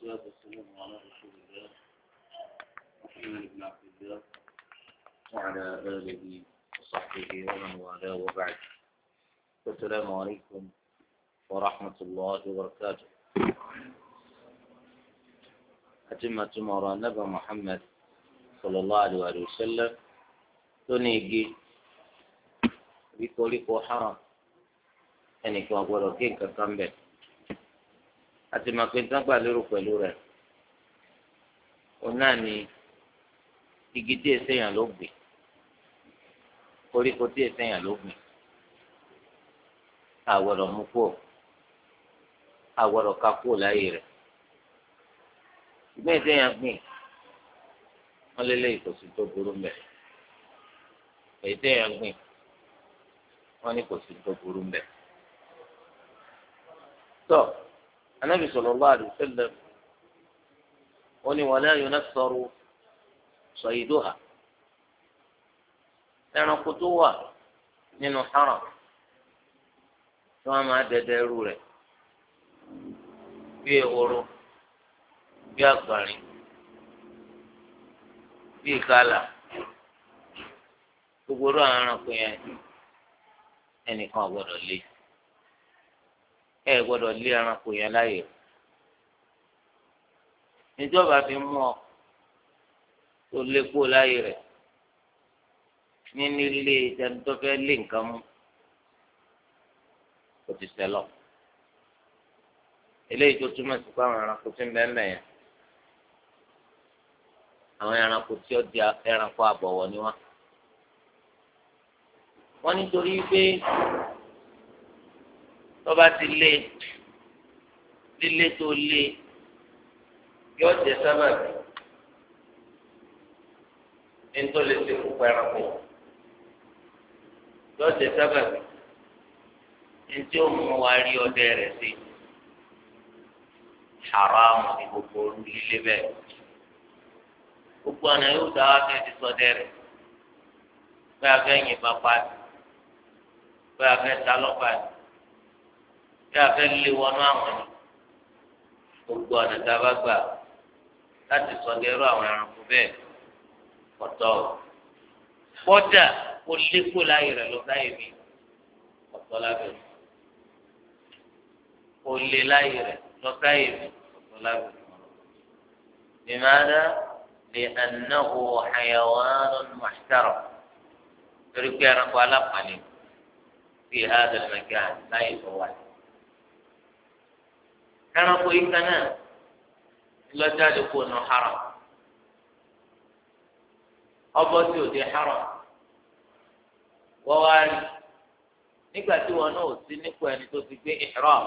والصلاة والسلام على رسول الله محمد بن عبد الله وعلى آله وصحبه ومن والاه وبعد السلام عليكم ورحمة الله وبركاته أتمة مرة نبى محمد صلى الله عليه وسلم تنيجي بكل حرام أنك أقول لك nǹkan kan àti màpé nǹkan gbà lérò pẹ̀lú rẹ̀ òun náà ni igi tí èsè yàn ló gbìn koríko tí èsè yàn ló gbìn àwọ̀rọ̀ mú kúò àwọ̀rọ̀ ká kúò láyé rẹ̀ ìgbẹ́ èsè yàn gbìn wọ́n lé lẹ́yìn kò sí tó burú mbẹ́ èsè yàn gbìn wọ́n ní kò sí tó burú mbẹ́ tọ́. So, anabi sallallahu alaihi wasallam ó ní wala yunassaru sayyiduha ẹranko tó wà nínú haram tí wọn máa dẹdẹ ẹrú rẹ̀ bí ehoro bí àgbàrin bí ìkálà gbogbo ọ̀rọ̀ àwọn ẹranko yẹn ẹnìkan gbọ́dọ̀ lé ẹ gbọ́dọ̀ lé ẹranko yẹn láyè níjọba fi mú ọ tó lé kó láyè rẹ ní nílé ìdánidọ́fẹ́ lé nǹkan mú kò ti sẹ́lọ̀ eléyìí tó túmọ̀ sí pé àwọn ẹranko ti ń bẹ́ẹ̀ mẹ́yẹn àwọn ẹranko tí ó di ẹranko àbọ̀wọ̀ ni wọ́n wọ́n nítorí pé tọ́ba ti lé lílé tó lé yóò jẹ sábàbí nítorí lè ṣe kópa ẹranko yóò jẹ sábàbí ntí ó mú wa rí ọdẹ rẹ sí haramu ní gbogbo lílé bẹ́ẹ̀ gbogbo àná yóò dá wa fẹẹ ti sọdẹ rẹ pé afẹ yìnbọn pa pé afẹ ta lọpa ni tí a fẹ́ lé wọnú àwọn ni gbogbo ọ̀nà tá a bá gbà láti sọdẹ́rú àwọn ẹranko bẹ́ẹ̀ ọ̀tọ̀ kọ́dà ó lékò láyè rẹ̀ lọ láyè mi ọ̀tọ̀ lábẹ́ ó lé láyè rẹ̀ lọ mi ọ̀tọ̀ lábẹ́ bìmáàdá lè ànáwó àyàwòrán torí pé ẹranko alápàlẹ̀ fi hàdà mẹ́kà láyè tó wáyé ẹranko yìí kan náà lọ́jáde kó nù haram ọbọ tí ò dé haram wọ́n wá rí nígbà tí wọn náà ò sí nípò ẹni tó ti gbé ihram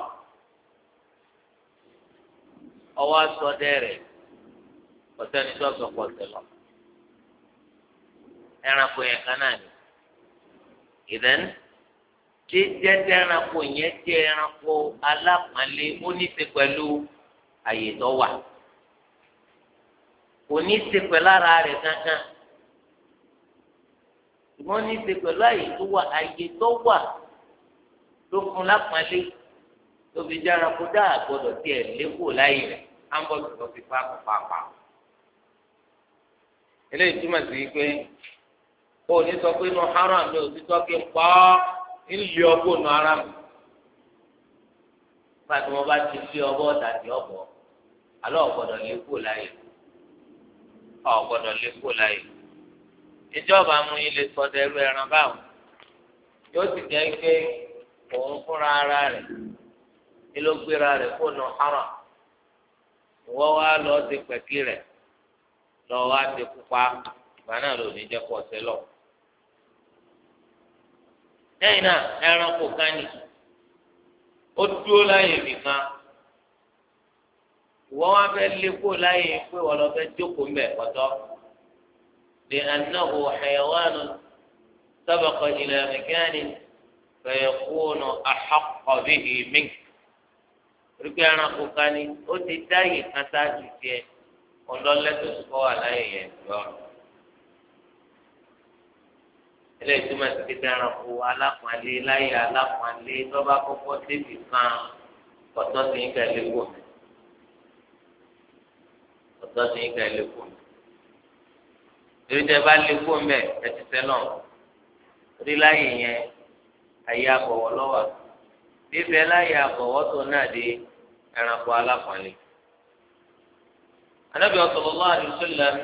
ọwọ́ aṣọ dẹ́rẹ̀ ọ̀sẹ́ni tó sọ pọ̀ tẹ̀lọ́ ẹranko yẹn kan náà ni ìdẹ́nu ṣé jẹ́jẹ́ ẹranko yẹn jẹ́ ẹranko alápọ̀nlé ó ní í ṣe pẹ̀lú àyè tó wà kò ní í ṣe pẹ̀lú ara rẹ̀ kankan ṣùgbọ́n ní í ṣe pẹ̀lú àyè tó wà àyè tó wà ló fún lápọ̀nlé tó fi jẹ́ ẹranko dáa gbọ́dọ̀ tiẹ̀ lékò láyè rẹ̀ á ń bọ̀ lọ́dọ̀ fi pa eléyìí túmọ̀ sí pé o ní sọ pé inú haram ni òtítọ́ kí n pa ọ́. ńlẹ ọkụ nù ara mi pàtó wọn bá ti fi ọbọ tàbí ọbọ alọ ọgbọdọ lé kó láyè ọgbọdọ lé kó láyè ìjọba mú ilé sọdẹ ẹrú ẹran báwọn yóò jẹ pé òun ara rẹ ilógbéra rẹ kó lọ ti pẹkí rẹ lọ wá ti pupa ìgbà náà ní jẹ lẹ́yìn náà ẹranko kan ni ó dúró láyè nìkan ìwọ wọn fẹ́ lé kó láyè pé wọn lọ fẹ́ jókòó mbẹ pọtọ lè anáwó xẹyàwánu sábàkọ ìlànà gánì fẹyẹkúnù àxàkọbìhì mink rúgbẹ ẹranko kan ni ó ti dáyè kan sáájú tiẹ̀ ọlọlẹtọ sọ àlàyé yẹn lọ́rùn eléyìí túmọ̀ sí pé ẹranko alápọ̀nlé láyé alápọ̀nlé lọ́ba kọ́kọ́ débi kan ọ̀tọ́ sí ń kẹ́lẹ́ kù mí ọ̀tọ́ sí ń kẹ́lẹ́ kù mí torí tẹ bá lé kù mẹ́ ẹ ti tẹ́ náà torí láyé yẹn ayé àbọ̀wọ́ lọ́wọ́ bíbẹ́ láyé àbọ̀wọ́ tó náà dé ẹranko alápọ̀nlé anábìyàn sallallahu alaihi wasallam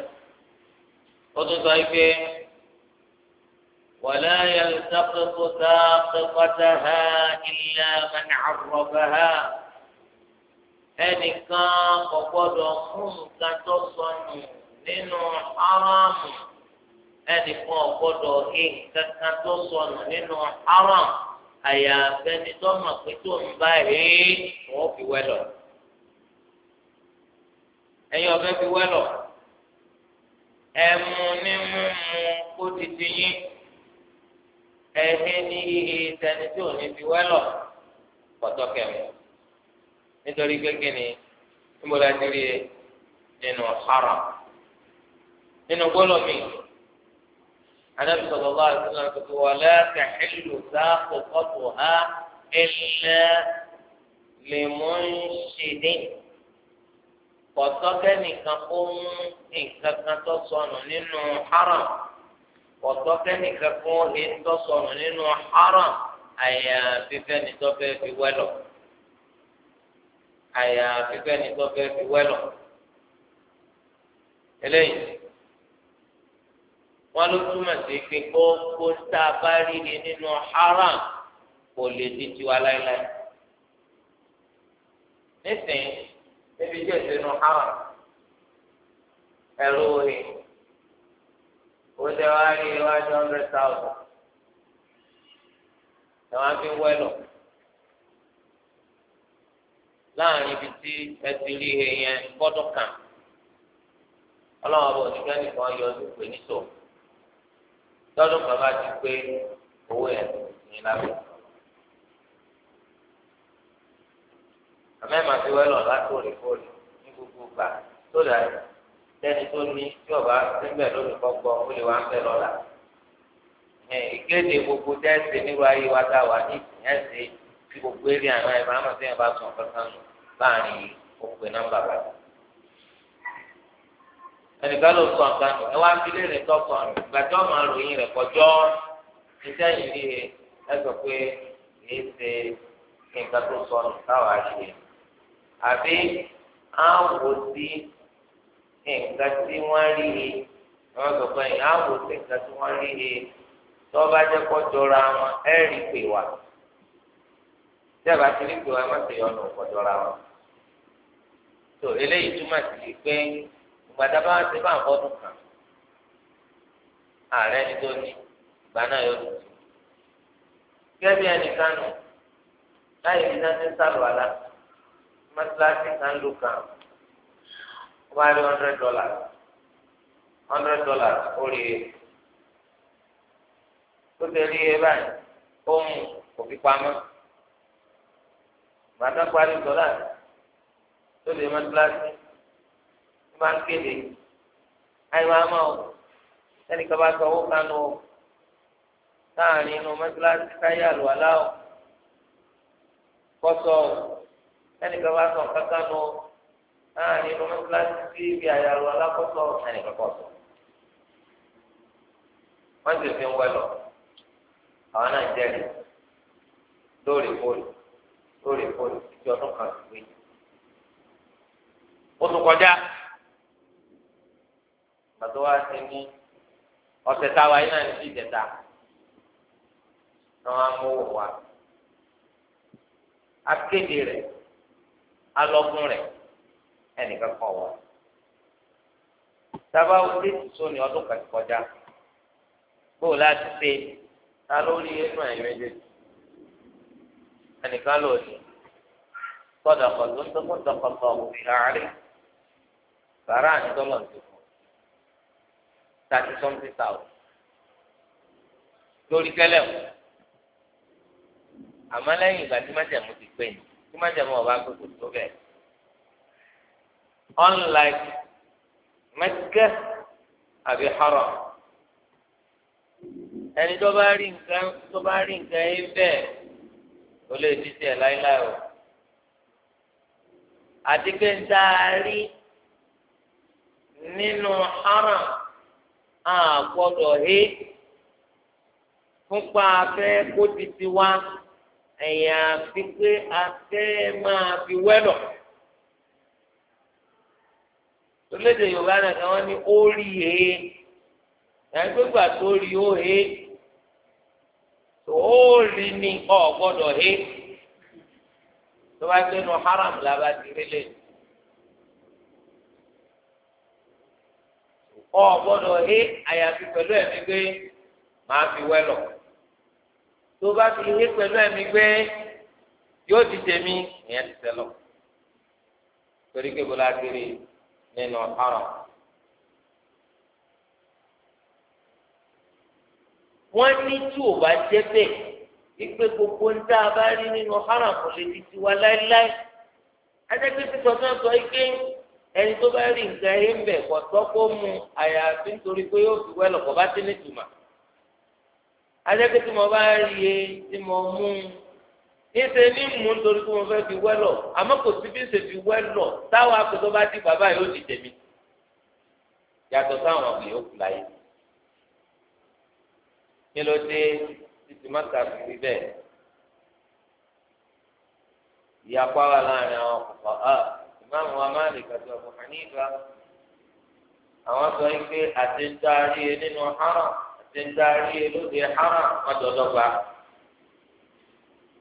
ó tún sọ pé. ولا يلتقط ساقطتها إلا من عرفها ẹnìkan kò gbọdọ̀ mú nǹkan tó sọnù nínú haramu ẹnìkan kò gbọdọ̀ hí nǹkan kan tó sọnù nínú haramu àyàfẹ́ ni tó mọ̀ pé tó ń bá rí wọ́n fi wẹ́lọ̀ ẹ̀yin ọ̀fẹ́ fi wẹ́lọ̀ ẹ̀mú ní mímu kó ti ti yín ẹ̀hẹ́ ní ihe tẹni tí ò ní fi wẹ́lọ̀ pọ̀tọ́ kẹ̀mú nítorí gbẹ́gẹ́ ni níbọ̀dá ti rí e? nínú haram nínú gbọ́dọ̀ mi anabi sallallahu alaihi wasallam tuntun wà lẹ́ẹ̀kẹ́ ìlú sáàpù kọ́tù ha ilẹ̀ lèmọ́nṣẹ́dẹ́ pọ̀tọ́ kẹ́nìkan ó mú nǹkan kan tó sọnù nínú haram ọ̀tọ́ fẹ́nìkan fún ètò sọnù nínú haram àyà fífẹ́ni tó fẹ́ fi wẹ́lọ̀ àyà fífẹ́ni tó fẹ́ fi wẹ́lọ̀ eléyìí wọn ló túmọ̀ sí pé gbogbo tá a bá rí ni nínú haram kò lè di tiwa láéláé nísìnyí níbi jẹ́ ìsinú haram ẹ̀rọ òye. owó tẹ wá rí iwájú hundred thousand ẹ fi ibi tí ẹ ti rí ihe yẹn gbọ́dọ̀ kàn ọlọ́wọ́ bò ní kẹ́nìkan yọ ọdún pé nítò lọ́dún kan ti pé owó yẹn ní lábẹ́. àmẹ́màá fi wẹ́lọ̀ látòrèkòrè ní gbogbo tó dáa. tẹni tó ní tí ọba níbẹ̀ lónìí kọ́kọ́ ó lè wá ń bẹ̀ lọ́la. ìkéde gbogbo tẹ́sí nírú ayé wa tá a wà ní ìsìnyẹ́sì tí gbogbo eré àná ẹ̀ máa ń sẹ́yìn bá sùn kankan nù láàrin òpè nọ́mbà bàbá. ẹnìkan ló sọ nǹkan nù ẹ wá fi léèrè tọkọ nù gbàjọ́ máa ròyìn rẹ̀ kọjọ́ iṣẹ́ yìí rí ẹ sọ pé kìí ṣe nǹkan tó sọ táwa ṣe àbí àwọn nǹkan tí wọ́n rí he wọ́n sọ pé ìyáàbò sí nǹkan tí wọ́n rí he tó bá jẹ́ kó jọra wọn ẹ̀ rí pè wá dábàá ti rí pé wọ́n á má ti yọnu kó jọra wọn. tó eléyìí túmọ̀ sí pé ìgbàdàbà ti bá ń fọdún kan ààrẹ ni tó ní ìgbà náà yóò tún sí. gẹ́gẹ́ bí ẹnìkan nù ní sáńtẹ́ sálọ̀ àlá mọ́tíláṣí kan ló kàn án ó bá rí hundred dollars hundred dollars ó rí e ó ti rí e báyìí ó mú kò fi pamọ́ bàtà parí dollars tó lè mọ gíláàsì ó bá ń kéde àyìnbá máa ó ẹnìkan bá sọ owó kan nù láàrin inú mọ́tíláṣí káyé àlùwàlá o kọ́sọ́ ẹnìkan bá sọ kankan nù láàrin inú mọ́sálásí sí ibi àyàrò alákọ̀ọ́sọ ẹnìkan kọ̀ sọ. wọ́n ti fi ń wẹ́lọ̀ àwọn náà jẹ́rìí lóòrèkóòrè lóòrèkóòrè títí ọdún kan sí méjì. ó tún kọjá pàtó wá sí ní ọ̀sẹ̀ táwa yìí náà ní sí ìjẹta náà wọ́n á mú owó wa akéde rẹ̀ alọ́gún rẹ̀ ẹnìkan kọ̀ wọ́n. sábà wọlé tìṣó ni ọdún kan ti kọjá bóò láti ṣe ta lórí inú ẹ̀yìn méjèèjì ẹnìkan lò ní gbọ́dọ̀ kọ̀tún tó kún tọkọtọ̀ òbí láàárín bàrà àdìgbọ́lọ̀ ti kù thirty something thousand lórí tẹ́lẹ̀ o àmọ́ lẹ́yìn ìgbà tí májẹ̀mú ti pè ní tí májẹ̀mú ọba gbogbo tó bẹ̀rẹ̀ unlike Mẹ́kà àbí Haram ẹni tó bá rí nǹkan tó bá rí nǹkan yín bẹ́ẹ̀ ó lè fi tiẹ̀ láíláí o àti pé ń tá a rí nínú Haram á gbọ́dọ̀ hé fúnpa afẹ́ kó ti ti wá ẹ̀yà àfi pé afẹ́ máa fi wẹ́lọ̀ lédè yorùbá náà kí wọ́n ní ó rí he yàrá gbégbà tó rí ó he ó rí ni ọ̀ gbọ́dọ̀ he tó bá gbé nu haram làbá ti rí lè. ọ gbọ́dọ̀ he àyàfi pẹ̀lú ẹ̀mí gbé màá fi wẹlọ tó bá fi he pẹ̀lú ẹ̀mí gbé yóò di tèmi ìyẹn ti tẹ lọ torí kébùlà kiri nínú haram. wọ́n ní tí ò bá jẹ́ bẹ́ẹ̀ ìpè gbogbo ń dá a bá rí nínú haram kò lè di tiwa láéláé adẹ́gbẹ́ ti sọ fẹ́ sọ ike ẹni tó bá rí nǹkan ẹ̀yẹ ń bẹ̀ kọ́ tọ́ kó mu àyàfi nítorí pé yóò fi wẹ́lọ̀ kọ́ bá ti ní tùmà adẹ́gbẹ́ tí mo bá rí e tí mo mú un ìṣe ní mú nítorí kí wọ́n fẹ́ fi wẹ́lọ̀ àmọ́ kò sí bí ṣe fi wẹ́lọ̀ táwọn akọ̀tọ́ bá dì bàbá yóò di tèmi yàtọ̀ sáwọn àwọn yòókù láyé kí ló dé títí mọ́tà fi rí bẹ́ẹ̀ ìyapa wà láàrin àwọn ọkọ̀ ah, ìmáàmù wa kàtó ọ̀bùn hànífà àwọn sọ pé àti ń darí e nínú haram àti ń darí e lóde haram ọ̀dọ̀dọ̀gba.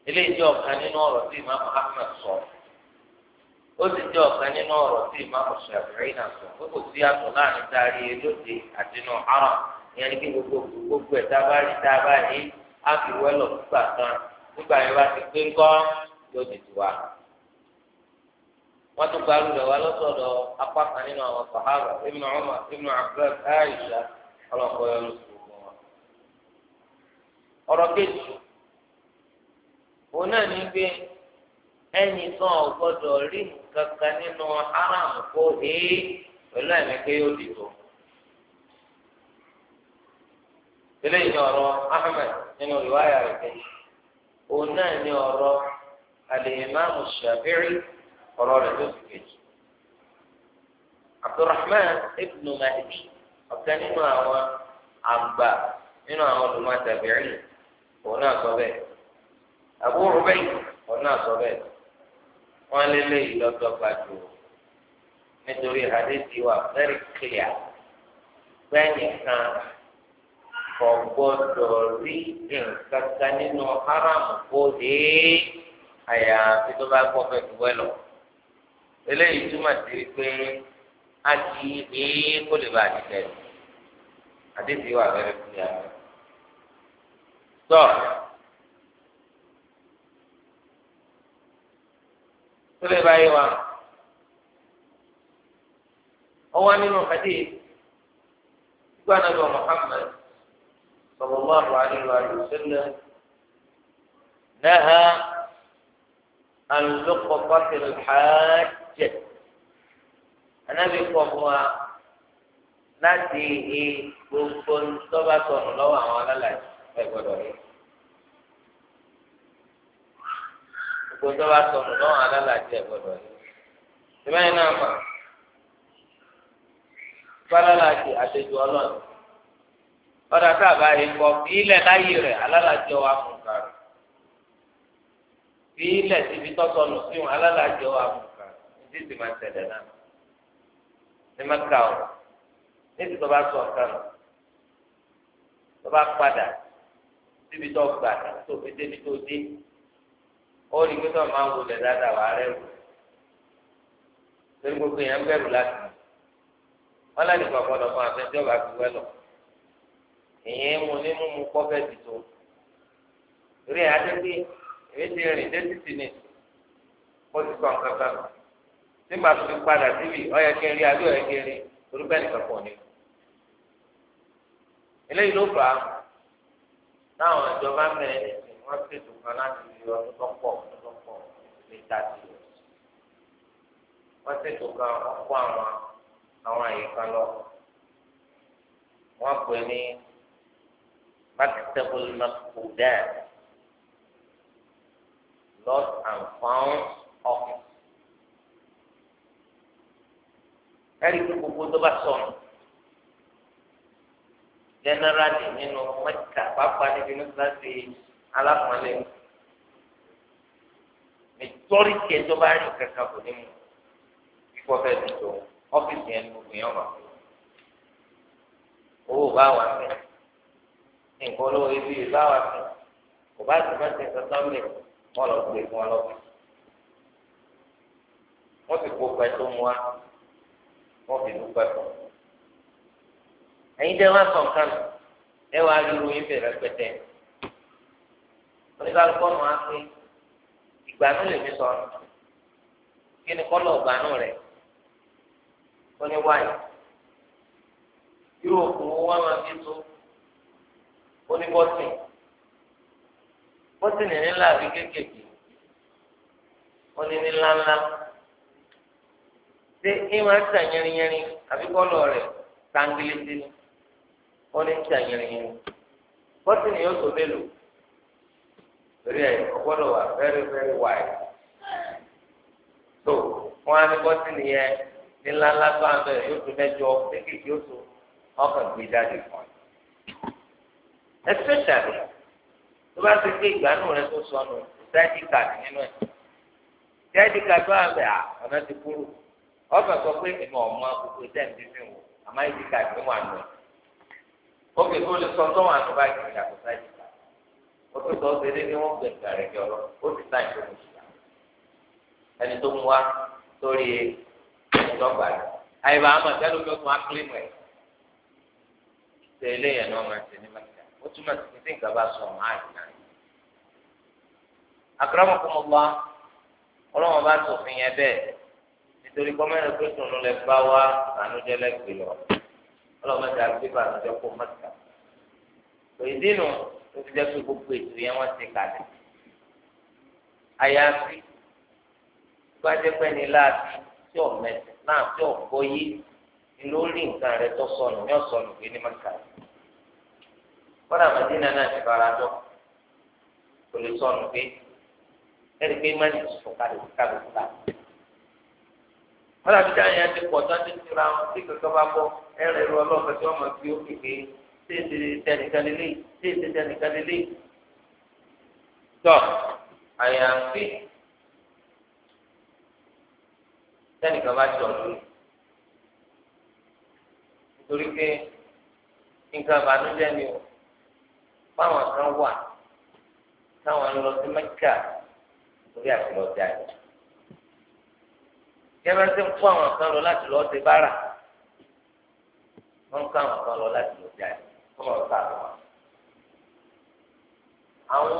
eléyìí jẹ́ ọ̀kan nínú ọ̀rọ̀ tí Imam Ahmad sọ ó sì jẹ́ ọ̀kan nínú ọ̀rọ̀ tí Imam Shafi'i náà sọ pé kò sí àtọ̀ láàrin dárí haram gbogbo gbogbo ẹ̀ á fi wẹ́lọ̀ nígbà kan nígbà yẹn bá ti pé ńkọ́ yóò wọ́n tún wá lọ́sọ̀dọ̀ apá kan nínú àwọn òun náà ní pé ẹnì kan ò gbọdọ̀ rí nǹkan kan nínú haram kó hee pẹ̀lú ẹ̀mí pé yóò dìbò. tẹ́lẹ̀ ní ọ̀rọ̀ ahmed nínú rẹ̀ òun náà ní ọ̀rọ̀ alimami shafi'i ọ̀rọ̀ rẹ̀ tó ti kejì. abdulrahman ibn mahdi ọ̀kan nínú àwọn àgbà nínú àwọn olùmọ̀ tabi'in òun náà sọ bẹ́ẹ̀. Abu Ubayd ọ̀nà àsọ̀bẹ̀ wọn lé lé ìlọ́dọ̀gba jù nítorí hadithi wa very clear gbẹ̀yìn kan kò gbọdọ̀ rí nǹkan kan nínú haram kó dé àyàfi tó bá gbọ́ fẹ́ fúwẹ́ lọ. eléyìí túmọ̀ sí pé a kì í pé kó lè bá àdìsẹ́ àdìsí wa very clear. So, tó lè bá yé wa ọwọ́ nínú hadith gbọ́ anábọ̀ Muhammad sallallahu alaihi wa sallam naha an luqatil hajj anábì kọ̀ fún wa láti gbogbo ntọ́bàtọ̀ lọ́wọ́ àwọn alálàyé ẹ̀ gbọ́dọ̀ gbogbo tó bá sọnù náà alálàájì ẹ gbọ́dọ̀ yìí ìbáyìí náà mà fálálàájì àtẹjù Ọlọ́run ọdọ tá a bá yẹ kọ fi ilẹ̀ láyé rẹ̀ alálàájì ọwọ́ àfọ̀nkà rẹ̀ fi ilẹ̀ síbi tọ́sọnù fíhùn alálàájì ọwọ́ àfọ̀nkà rẹ̀ ní ti máa tẹ̀lé náà ní má kà ọ́ ní ti tó bá sọ ọ̀kan tó bá padà síbi tó gbà tó fi débi tó dé ó rí pé sọ̀rọ̀ máa ń wulẹ̀ dáadáa wà á rẹ̀ wò torí gbogbo yẹn ń bẹ̀rù láti wọn láti kọ̀ gbọ́dọ̀ fún afẹ́jọba fi wẹ́ lọ èyí mu ní mímu pọ́fẹ́tì tó rí adébí èyí rìn dé títì ní kó ti kọ̀ nǹkan kan tí màá fi padà síbi ọ̀yẹ́ kí n rí adé ọ̀yẹ́ kí n rí torí bẹ́ẹ̀ pọ̀ ní. eléyìí ló fà á táwọn ìjọba mẹ́rin wọ́n ṣètò kan láti fi ọdún tó pọ̀ ọdún tó pọ̀ lè ta sí i. wọ́n ṣètò kan wọ́n kó àwọn àwọn àyíká lọ. wọ́n pè ní Maktabul Maqbudat lost and found office. ẹ̀rí kí gbogbo tó bá sọnù generally nínú mẹ́ta pàápàá níbi nípa ṣe alákùnrin nítorí tí ẹjọ́ bá rìn kankan kò ní mu kíkọ́ fẹ́ dùn tó ọ́fíìsì yẹn ni gbogbo yẹn wà owó bá wà fẹ́ nǹkan olówó ibi bá wà fẹ́ kò bá sì máa ń tẹ̀sán sọ́ọ̀lì wọ́n lọ gbé fún ọ lọ́wọ́ wọ́n sì kó pẹ́ tó mu wá wọ́n fi dúpẹ́ fún un ẹ̀yin dẹ́ wá sọ̀kan ẹ wá rí yín bẹ̀rẹ̀ pẹ́tẹ́ oníkálukọ́ nù á pé ìgbàanú lè mi sọ̀rọ̀ kí ni kọ́lọ̀ ìgbàanú rẹ̀ ó ní wáyé irú òkun wa máa fi tó ó ní bọ́tìn bọ́tìn nílá àbí kéékèèké ó ní ní ńláńlá ṣé ẹ máa ń tà yẹrinyẹrin àbí kọ́lọ̀ rẹ̀ tangilisi ó ní ń tà yẹrinyẹrin bọ́tìn yóò tó mélòó. torí ẹ ọgbọ́dọ̀ wà very very wide so wọn á ní bọ́tì nìyẹn ní ńláńlá tó yóò tó mẹ́jọ kéékèèké yóò tó ọkàn gbé jáde kan especially tó bá ti gbé ìgbàanú rẹ tó sọnù dẹ́ẹ̀dì kàdì nínú ẹ̀ dẹ́ẹ̀dì kàdì wà bẹ́ẹ̀ ọ̀nà ti kúrò ọkàn sọ pé ìmọ̀ ọ̀mọ gbogbo dẹ́ẹ̀dì fi wò àmọ́ ìdí kàdì wà nù ẹ̀ ó fi kó lè sọ tó wà nù báyìí ìyàtọ̀ sáyẹn. ó tún sọ ṣe déédéé wọn gbẹ ìgbà rẹ kí ọlọ ó ti sáì tó mùsùlùmí ẹni tó mú wa sórí ìjọba rẹ àyèbá àmọ́ sẹlẹ omi ó tún wá kílímù ẹ tẹ́lẹ̀ yẹn náà máa ń ṣe ní mẹ́ta ó túmọ̀ sí pé tí nǹkan bá sọ ọmọ àyè náà akramakumullah ọlọ́wọ́n bá sòfin yẹn bẹ́ẹ̀ nítorí gọ́mẹ́rin pé tòun lè bá wa bànújẹ́ lẹ́gbẹ̀ẹ́ lọ ọlọ́wọ́n ti àgbébànújẹ́ kó mẹ́ta òyìnbí nù tó fi jẹ́ pé gbogbo ètò yẹn wọ́n ti kalẹ̀. àyàfi bá jẹ́ pé ní láàbí tí ò mẹ́sì náà tí ò gbóyé ló rí nǹkan rẹ tó sọnù ní ọ̀sọ̀nù gbé ní mẹ́ta. kọ́dà màdínà náà ti fara jọ kò lè sọnù gbé ẹni pé má ní sùn kalẹ̀ kalẹ̀ kalẹ̀. kọ́dà bí dáhùn yẹn ti pọ̀ tó ń ti tura wọn tí kankan bá bọ́ ẹ̀rẹ̀ lọ́lọ́ọ̀fẹ́ tí wọ́n máa fi ó kékeré ṣé èsì tẹnìkan lélẹ̀ ṣé èsì tẹnìkan lélẹ̀ tọ àyànfi tẹnìkan bá jọ lórí nítorí pé nǹkan àbánújẹ́ ni o fáwọn kan wà táwọn lọ sí mẹ́kà lórí àtìlọ́jà yìí jẹ́bẹ́ tí ń kó àwọn kan lọ láti lọ́ọ́ ti bára wọ́n ń kó àwọn kan lọ láti lọ́ọ́ jáde. ọlọ́run sàánú wa. àwọn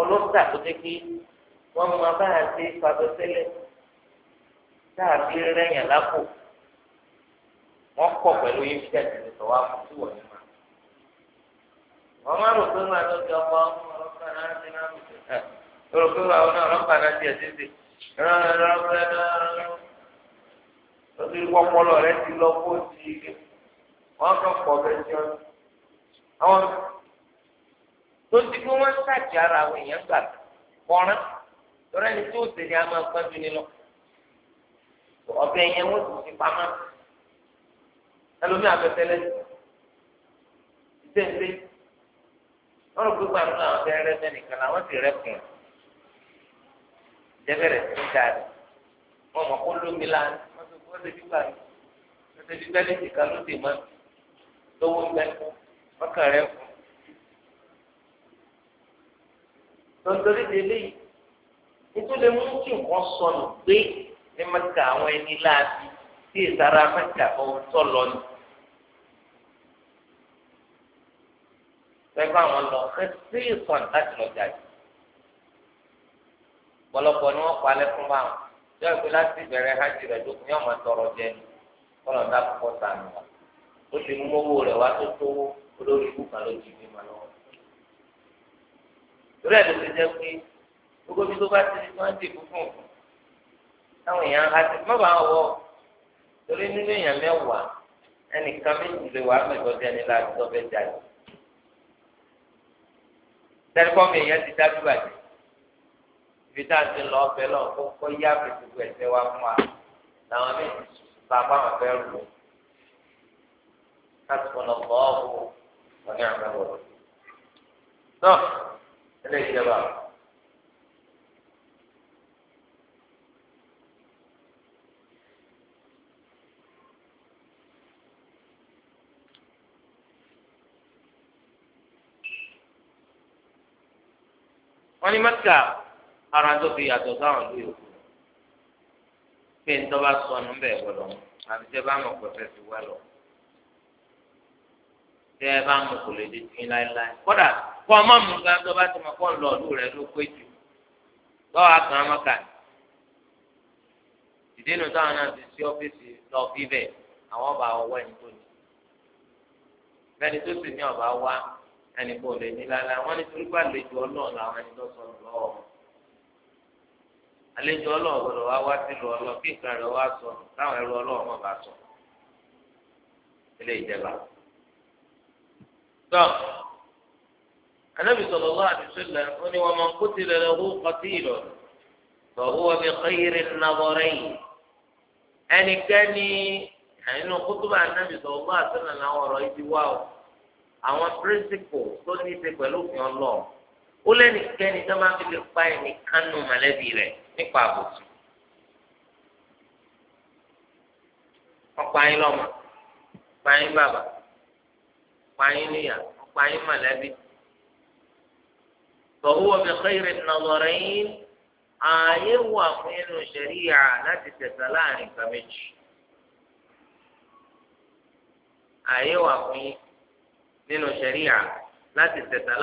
ọlọ́sà tó dé pé wọ́n máa bá a ṣe dàbí rẹ̀yàn lápò wọ́n kọ̀ pẹ̀lú yín fíjà ma. wọn náà ọlọ́pàá náà ti lọ́sí wọ́pọ̀lọ́ rẹ ti wọ́n kàn pọ̀ bẹ́ẹ̀ tí wọ́n àwọn tó ti gbé wọ́n ṣàjì ara àwọn èèyàn gbà kọ́rán lọ́rọ́ ẹni tí ṣe ni a máa pọ́njú ni lọ ọ̀bẹ yẹn wọ́n sì fi pamọ́ ẹlòmí àbẹ̀tẹ́lẹ̀ ṣẹ́ńdé lọ́rọ̀ gbogbo àwọn náà wọ́n fẹ́ rẹ́ mẹ́nìkan náà wọ́n sì rẹ́ kùn jẹ́bẹ̀rẹ̀ sí dáadé wọ́n mọ̀ kó lómi lánàá wọ́n ti fi gbà wọ́n ti fi gbẹ́lẹ́ lówó ń bẹ ọkàn rẹ kù. tọ́tọ́rí délé yìí nítorí mú kí nǹkan sọnù gbé ní mẹ́ta àwọn ẹni láàbí tí ìsara mẹ́ta ọ̀hún tọ̀ lọ ni. fẹ́ẹ́ bá wọn lọ ẹ sí ìsàn láti lọ jáde. pọ̀lọpọ̀ ni wọ́n palẹ̀ fún báwọn yóò gbé láti bẹ̀rẹ̀ hajj rẹ̀ dókun yóò máa tọrọ jẹ kọlọ̀ ń dá sànù wọn ó ti mú owó rẹ̀ wá tó tówó olórí kúkà ló ti fi mà lọ́wọ́. torí ẹ̀ ló ti jẹ́ pé gbogbo bí tó bá ti di wọ́n ti kú fún un táwọn èèyàn á ti má bàa wọ̀ torí nínú èèyàn mẹ́wàá ẹnìkan méjì lè wà mẹ́tọ́ sí ẹni láti tọ́ fẹ́ jáde. tẹlifọ́ọ̀mù èèyàn ti dájú bàjẹ́ ibi tá a ti lọ ọbẹ̀ lọ kó kó yá fèsì gbẹ̀sẹ̀ wa fún wa làwọn méjì bàbá àwọn fẹ́ rù حسبنا الله ونعم الوكيل صح إليك بقى wọ́n ní mẹ́kà ara tó fi yàtọ̀ sáwọn ìlú yòókù pé ń tọ́ bá sọnù bẹ́ẹ̀ gbọ́dọ̀ àti tẹ́ bá mọ̀ pẹ̀fẹ́ ti wá lọ. tẹ ẹ bá mú kò lè di tìyín láéláé kódà kó ọmọ mú tó bá ti mọ kó lọ ọdún rẹ ló pé jù táwọn náà ti sí ọ́fíìsì lọ ọba ọwọ́ ẹni tó ní bẹ́ẹ̀ni ọba wá ẹni kò lè ní láéláé wọ́n ní torí làwọn ẹni tó àlejò wá wá sílùú tọ́ anábì sallallahu alaihi wasallam ó ní wa man qutila lahu qatilun fa huwa bi khayri an-nadharayn ẹnikẹ́ni àyínú kútùbà anábì sallallahu alaihi wasallam làwọn ọ̀rọ̀ ibi wá o àwọn pírísìpù tó ní í ṣe pẹ̀lú òfin ọlọ́ ó lẹ́nikẹ́ni tó máa fi lè pa ẹnìkan nù mọ̀lẹ́bí rẹ̀ nípa àbòsùn. ọ̀pọ̀ ayé lọ́mọ ọ̀pọ̀ ayé bàbá ọ̀pá yín níyà ọ̀pá yín mọ̀lẹ́bí. tọ̀húwọ̀ bí xeyìrì nàlọ́rẹ́ yín ààyè wà fún inú ṣẹ̀ríyà láti tẹ̀sán láàrin nǹkan méjì. ààyè wà fún yín nínú ṣẹ̀ríyà láti tẹ̀sán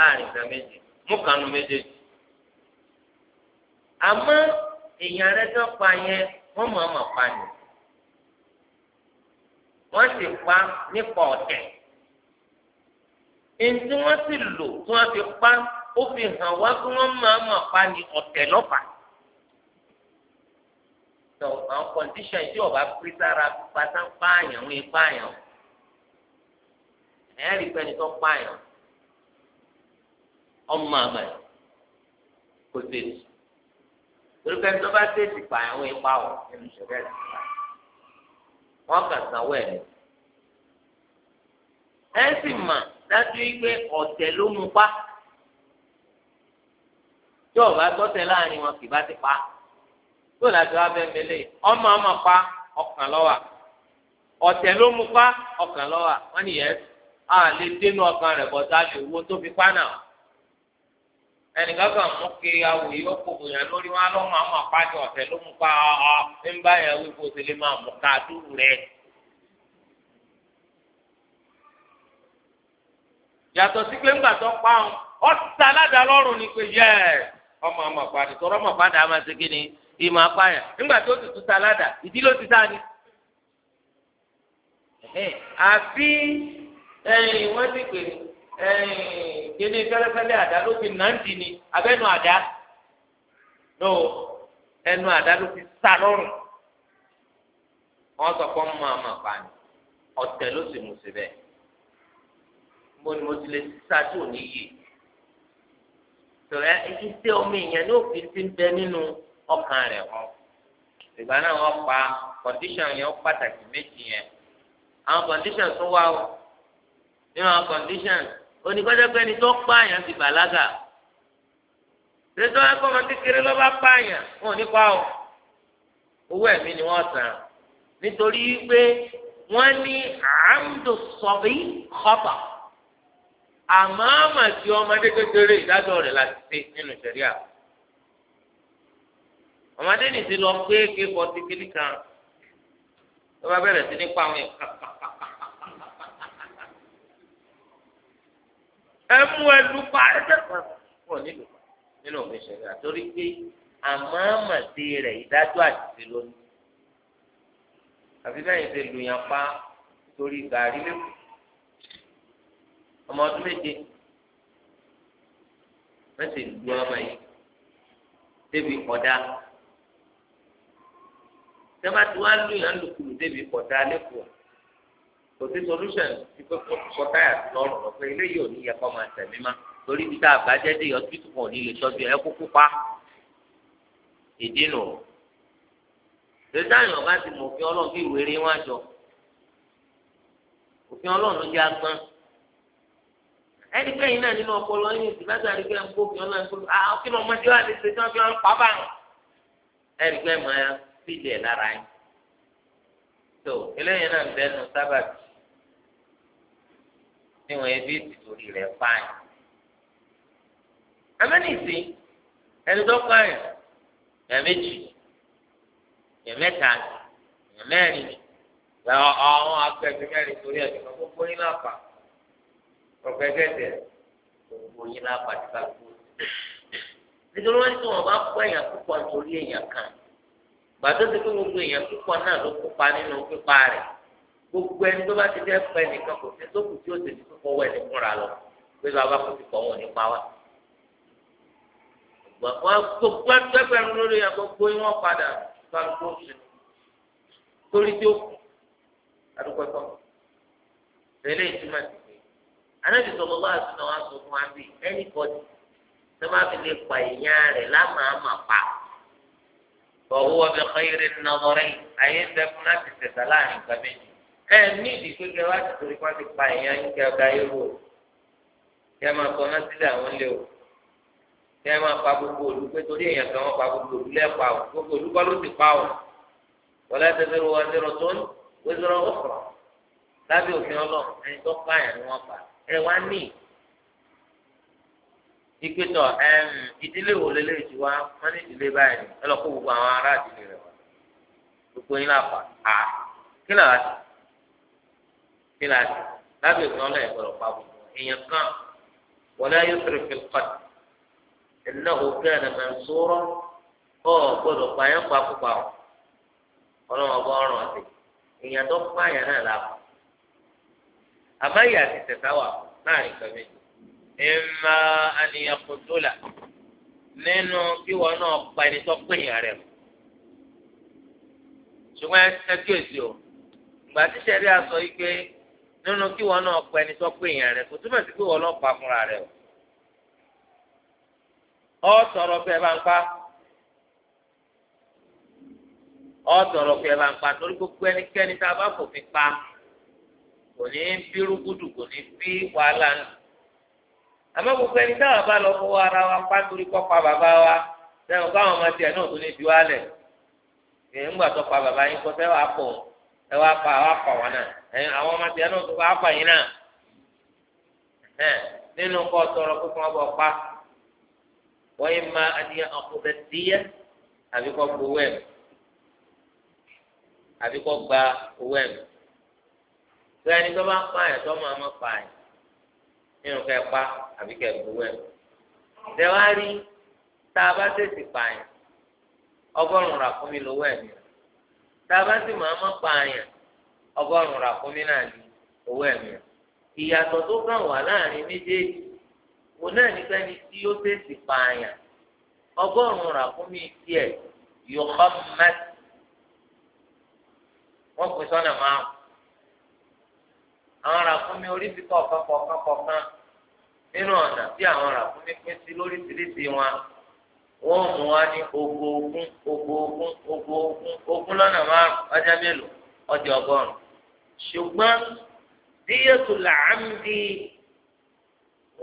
èèyàn rẹ̀ tó pa yẹn wọ́n mọ̀ ọ́n pa ni wọ́n sì pa nípa ọ̀tẹ̀ èntì wọn sì lò tí wọn fi pa ó fi hàn wá kí wọn máa máa pa ní ọ̀tẹ̀ lọ́fà. tó àwọn kọ̀ǹdíṣàn tí ọba pín sára pátá pààyàn ń pààyàn ẹ̀yà rí pẹ́ni tó pààyàn ọmọ àmà kò tètè torí pẹ́ni tó bá tètè pààyàn ń pààwọ̀ nínú ìṣẹ̀lẹ̀ ìṣẹ̀lẹ̀ wọn kà sanwó ẹ̀ ẹ̀ sì mà. dájú pé ọ̀tẹ̀ ló mú pa tí ọba gbọ́tẹ̀ láàrin wọn kì bá ti pa tó láti mẹ́lẹ̀ ọmọ ọmọ pa ọkàn lọ́wà ọ̀tẹ̀ ló mú pa a lè dénú ọkàn rẹ̀ tó fi pa náà mú kiri yìí lórí wọn àwọn apájọ ọ̀tẹ̀ ló mú pa ọ̀ ọ́ ń bá yàtọ̀ sí pé ńgbà tó pa ọ́n ọ̀tá aládàá lọ́rùn ni pé yẹ ọmọ ọmọ padì tọrọ ọmọ padà máa ṣe kíni ìmọ̀ apáyà ńgbà tó tutù aládàá ti ni. àfi wọ́n ti pè kíni fẹ́lẹ́fẹ́lẹ́ àdá ló fi nàǹdì ni abẹ́nu àdá ló ẹnu àdá ló fi sá lọ́rùn wọ́n sọ ọmọ ọmọ ọ̀tẹ̀ mo ni mo ti lè sá tí ò ní yè tòlẹ́ iṣẹ́ omi yẹn ní òfin ti ń bẹ nínú ọkàn rẹ̀ wọn ìgbà náà wọ́n pa condition yẹn ó pàtàkì méjì yẹn àwọn condition tó wá o nínú àwọn condition onígbàdàgbà ẹni tó pààyàn ti bàlágà tẹsán akọ́mọ kékeré ló bá pààyàn wọn ò ní pa o owó ẹ̀mí ni wọ́n san nítorí pé wọ́n ní àmdùsọ̀bí kọ́pà àmọ́ àmà tí ọmọdé kékeré ìdájọ́ rẹ̀ láti ṣe nínú sẹ̀ríà ọmọdé nìdí lọ pé ké fọtí kiri kan tó bá bẹ̀rẹ̀ sí ní pàwọn ẹ̀ka ẹ mú ẹlú pa ẹsẹ̀ pọ̀ nílò nínú òfin sẹ̀ríà torí pé àmọ́ àmà tí rẹ̀ ìdájọ́ àṣìṣe lónìí àfi bẹ́ẹ̀ ṣe lùyàn pa torí gàrí lẹ́kọ̀ọ́ ọmọ ọdún méje mẹsì lu ọmọ yìí débi kọdá tẹmátì wá lu yàn lùkùlù débi kọdá lẹkọọ kò sí solution ìpè kọta yàtọ̀ lọ́rùn lọ pé eléyìí ò ní yẹ kọ́ máa tẹ̀mí má torí ibi tá a bá jẹ́ dé ọsibítù kan ò ní lè tọ́jú ẹ kúkú pa ìdínà tẹ̀sán ọba ti mọ̀ òfin ọlọ́run bí ìwéré wájọ òfin ọlọ́run ló jẹ́ agbọ́n ẹni kẹ́yìn náà nínú ọpọlọ yín sì látàrí pé ń gbóbi ọ̀nà ìkọlù àwọn kí lọ́mọ tí wàá lè ṣe tí wọ́n fi wọn pa bá wọn. ẹni pé màá fi ilé ẹ̀ lára yín. tó eléyìí náà bẹnu sábàbí tí wọ́n ebi ìtòrí rẹ̀ fáyìn. amẹ́nìsì ẹni tó fáyìn ẹ̀ méjì ẹ̀ ọ̀hún akẹ́kẹ́ mẹ́rin torí ẹ̀ tó gbogbo yín náà fà ọ̀gbẹ́gẹ́dẹ̀ gbogbo yín lápàdé bá gbó. nítorí wọ́n ti wọ́n bá kó èèyàn púpọ̀ nítorí èèyàn kan gbàtó ti pé gbogbo èèyàn púpọ̀ náà ló kópa nínú pípa rẹ̀ gbogbo ẹni tó bá ti fẹ́ pẹ́ nìkan kò sí tó kù tí ó tètè kókó wẹ̀ ní fúnra lọ pé bàbá kò ti pọ̀ wọn nípa wa. gbogbo ẹgbẹ̀rún lórí ẹ̀ gbogbo yín wọ́n padà kálukú sí torí tí ó kù adúgbò ẹ̀kọ́ tẹ̀lé ìtumọ̀ sí anábì sọ̀rọ̀ bá àtúnà wa sọ fún wa bí ẹnì kọ́ni tó má fi lè pa èèyàn rẹ̀ lámàámà pa. bọ̀wọ́ wọ́n fi kọ́ irin nọ́ọ̀rẹ́ ayé ń bẹ fún láti tẹ̀sà láàrin nǹkan méjì. ẹ ní ìdí kékeré wá ti torí wá ti pa èèyàn yín kí ọ̀gá yóò wò kí ẹ máa kọ́ná sílẹ̀ àwọn ilé o kí ẹ máa pa gbogbo òlu pé torí èèyàn kan wọ́n pa gbogbo òlu lẹ́pa o gbogbo òlu kọ́ ló ti pa o wọlé tẹ́tẹ́ ló wá zero tó ń wé zero ó sọ̀rọ̀ lábẹ́ òfin ọlọ́run ẹni tó pààyàn ni wọ́n pa ẹ wá ní ìpètọ ìdílé wo lélẹyìí tí wá wọn ní ìdílé báyìí ẹ lọ kó gbogbo àwọn ará ìdílé rẹ wá gbogbo yín là fà á kí là á sì kí là á sì lábẹ́ òfin ọlọ́yìn gbọ́dọ̀ pa gbogbo èèyàn kan wala yusrif fil qatl innahu kana mansura ọ gbọ́dọ̀ pa yẹn pa púpà ọ ọlọ́wọ́n bọ́ ọ̀ràn èèyàn tó pààyàn náà là fà. àmọ́ ìyá ti tẹ̀sán wà láàrin kan méjì ìmọ̀ àníyàn kò tó kí wọn náà pa ẹni tó pè yàn rẹ̀ ṣùgbọ́n ẹ kíyèsí o ìgbà tí sẹ́rí àsọ yìí pé nínú kí wọn náà pa ẹni tó pè o ọ sọ̀rọ̀ pé ẹ bá ń ọ sọ̀rọ̀ ẹ bá ń pa torí gbogbo ẹnikẹ́ni kò ní bí rúgúdù kò ní bí wàhálà nù àmọ́ gbogbo ẹni táwọn bá lọ fọwọ́ ara wa pa torí kọ́ bàbá wa sẹ́wọ̀n káwọn ọmọ tiẹ̀ náà tó ní ju alẹ̀ èyí ń gbà tó pa bàbá yín ẹ wá pa wọn náà àwọn ọmọ gba owó tó ẹni tó bá ń pa àyàn tó máa má pa àyàn nínú kẹ pa àbí kẹ buwọ ẹ tẹ wá rí tá a bá tètè pa àyàn fún mi lówó tá a bá sì fún mi náà ní owó ìyàtọ̀ tó kàn láàrin méjèèjì náà fún mi tiẹ̀ yóò kọ́ wọ́n àwọn ràkúnmí oríṣi kọ̀ọ̀kan kọ̀ọ̀kan kọ̀ọ̀kan nínú ọ̀nà tí àwọn ràkúnmí pín sí lóríṣiríṣi wọn wọ́n mú wa ní ogún ogún ogún ogún ogún ogún ogún lọ́nà márùn ọjà mélòó ọjà ọgọ́rùn ṣùgbọ́n díyẹ̀tù làámdì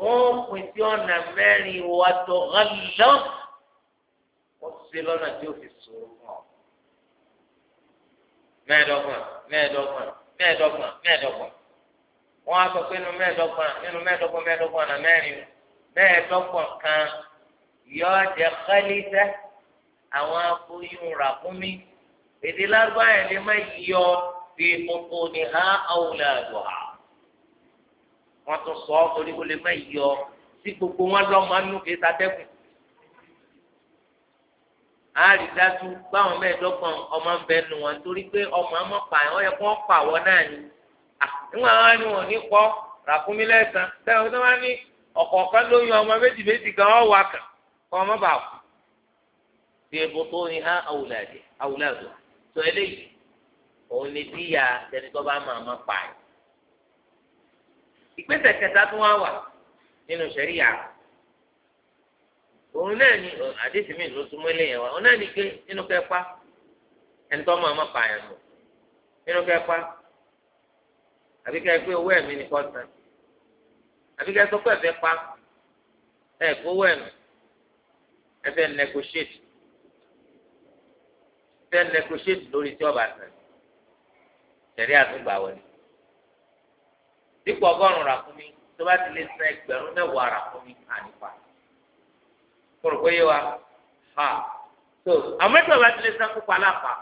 wọ́n pín sí ọ̀nà mẹ́rin wà tó ọ̀lọ́ wọ́n ṣe lọ́nà tí ó fi sòrò fún ọ. mẹ́ẹ̀ẹ́dọ́gbọ̀n mẹ́ẹ̀ẹ́dọ́gbọ̀n mẹ́ẹ̀ẹ́dọ́gbọ̀n wọ́n á sọ pé nínú mẹ́ẹ̀ẹ́dọ́gbọ̀n nínú mẹ́ẹ̀ẹ́dọ́gbọ̀n mẹ́ẹ̀ẹ́dọ́gbọ̀n ọ̀nà mẹ́rin mẹ́ẹ̀ẹ́dọ́gbọ̀n kan yọọ jẹ kẹlífẹ àwọn aboyún ràkúnmí èdè lágbáyé lè má yọ fi kókó ní ha àwùlẹ̀ àdùá wọ́n tún sọ ọ́ torí kó lè má yọ sí gbogbo wọn lọ́mọ nínú kìí sadẹ́kùn àrídájú báwọn mẹ́ẹ̀ẹ́dọ́gbọ̀n ọmọ ń bẹ wọn torí pé ọmọ ọmọ pààyàn ó kó pààwọ́ náà ni. nígbà wọn ni wọn ní kọ́ ràkúnmí lẹ́sàn sẹ́wọ̀n tó máa ní ọ̀kọ̀ọ̀kan lóyún ọmọ méjì méjì gan ọ̀ wà kàn kọ́ ọmọ kú. bí ebo tó ní há àwùlàdì àwùlàdù tó eléyìí òun ni tẹni tó bá máa máa pa ẹ̀. kẹta tó wá wà nínú òun náà ni eléyìí òun náà ni nínú kẹfà ẹni tó máa máa pa nínú kẹfà. àbí ká ẹ pé owó ẹ̀mí ni kò san àbí ká ẹ sọ pé ẹ fẹ́ pa ẹ kó owó ẹ̀mí ẹ fẹ́ negotiate fẹ́ negotiate lórí tí ọba san tẹ̀lé àtúgbà wẹ̀ dípò ọgọ́rùn-ún rà fún mi tó bá ti lè san ẹgbẹ̀rún mẹ́wàá rà fún mi ànípa kó rò pé yé wa ha so àmọ́ tí ọba ti lè san kópa lápá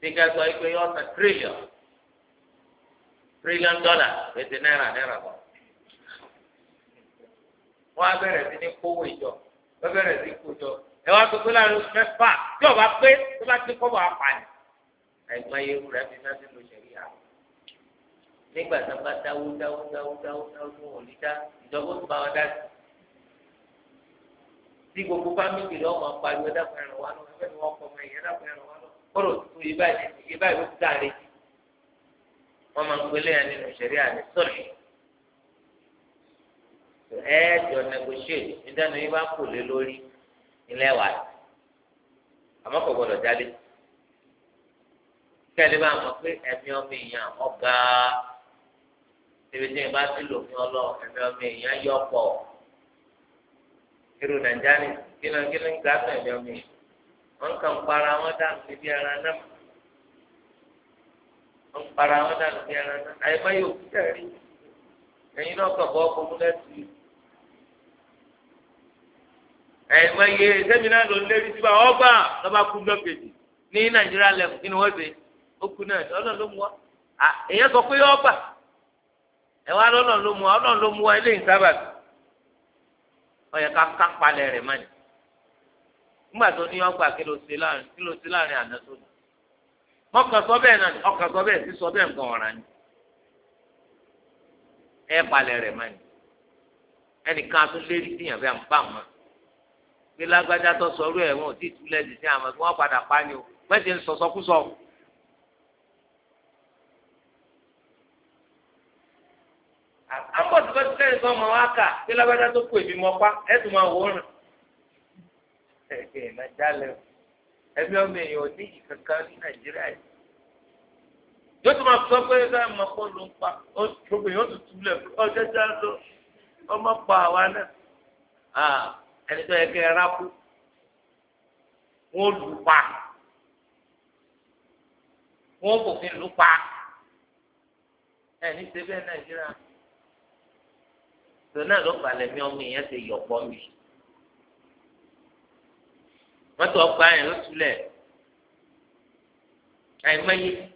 bí ká sọ pé yọ ọ̀sán tírílíọ̀nù tírílíọ̀nù dọ́là pèsè náírà náírà kan. wọ́n á bẹ̀rẹ̀ sí ní kówó ìjọ wọ́n bẹ̀rẹ̀ sí kó jọ ẹ wá pé pé láàrin oṣù mẹ́fà tí ọba pé tó bá ti kọ́ bọ̀ apààyàn. àìmọ iye rẹ̀ fi náà sínú ìṣẹ̀lẹ̀ yà. nígbà tó bá dáwó dáwó dáwó dáwó dáwó tó wọ̀n níta ìjọba ó ti bá wọn dá sí. tí gbogbo fámìlì lọ́wọ́ máa pariwo dákun ẹ̀rọ wa lọ ẹgbẹ́ ni wọ́n kọ́ ọmọ ìyẹn wọn máa ń pélé yẹn nínú ìṣẹ̀rí àní sọ̀rọ̀ ẹ jọ negotiate nítorí yín bá kò lé lórí ilé wa àmọ́ kò gbọdọ̀ jáde kẹ́lẹ́ bá mọ̀ pé ẹ̀mí ọmọ èèyàn ọ̀gá tẹ̀wétẹ̀ bá ti lò fún ọlọ́ ẹ̀mí ọmọ èèyàn yọ pọ̀ irú nàìjíríà kí ló ń gbà fún ẹ̀mí ọmọ èèyàn wọn kàn para wọn dànù níbi ara náà. wọn para wọn dànù bí ara náà àyẹ̀mọ́ yóò kú dàrí ẹ̀yin náà kàn bọ́ ọkọ̀ múlẹ̀ tù í. yé ló ń lérí síbà ọgbà lọ́ba kú ní nàìjíríà kí ni náà ló mú wa sọ pé ọgbà ẹ̀wọ̀n ló mú wa ló mú wa ilé nígbà tó ní ọgbà kí ló ṣe láàrin àná tó ní ọkàn sọ bẹ́ẹ̀ náà ọkàn sọ bẹ́ẹ̀ sí sọ bẹ́ẹ̀ nǹkan ọ̀ràn ni ẹ palẹ̀ rẹ̀ mọ́ ni ẹnìkan tún lérí síyàn bí àǹfà mọ́ bí lágbájá tó sọ ẹ̀ wọn ò tí ì túlẹ̀ sí sí àmọ́ kí padà pa ni o mẹ́tì ń sọ̀sọ́kúsọ. àbọ̀tí bọ́tí tẹ́lẹ̀ kan mọ̀ wá kà bí lágbájá tó kú èmi mọ́ pa ẹ̀ tún máa wò ó rìn. ẹ̀ẹ́dẹ̀ ẹ̀ máa jálẹ̀ ẹ̀mí ọmọ èèyàn ò ní ìkankan ní Nàìjíríà yìí yóò tún máa sọ pé ká mọ̀ kó ló ń pa gbogbo yóò tún túlẹ̀ ọjọ́ já lọ ọmọ pa àwa náà ẹni tó yẹ kí ẹ rákú wọn lù pa wọn kò fi lù pa ẹni ṣe bẹ́ẹ̀ nàìjíríà tó náà ló balẹ̀ mi ọmọ ìyẹn ti yọ̀pọ̀ mi mọ́tò ọgbà yẹn ló túlẹ̀ àìmọye.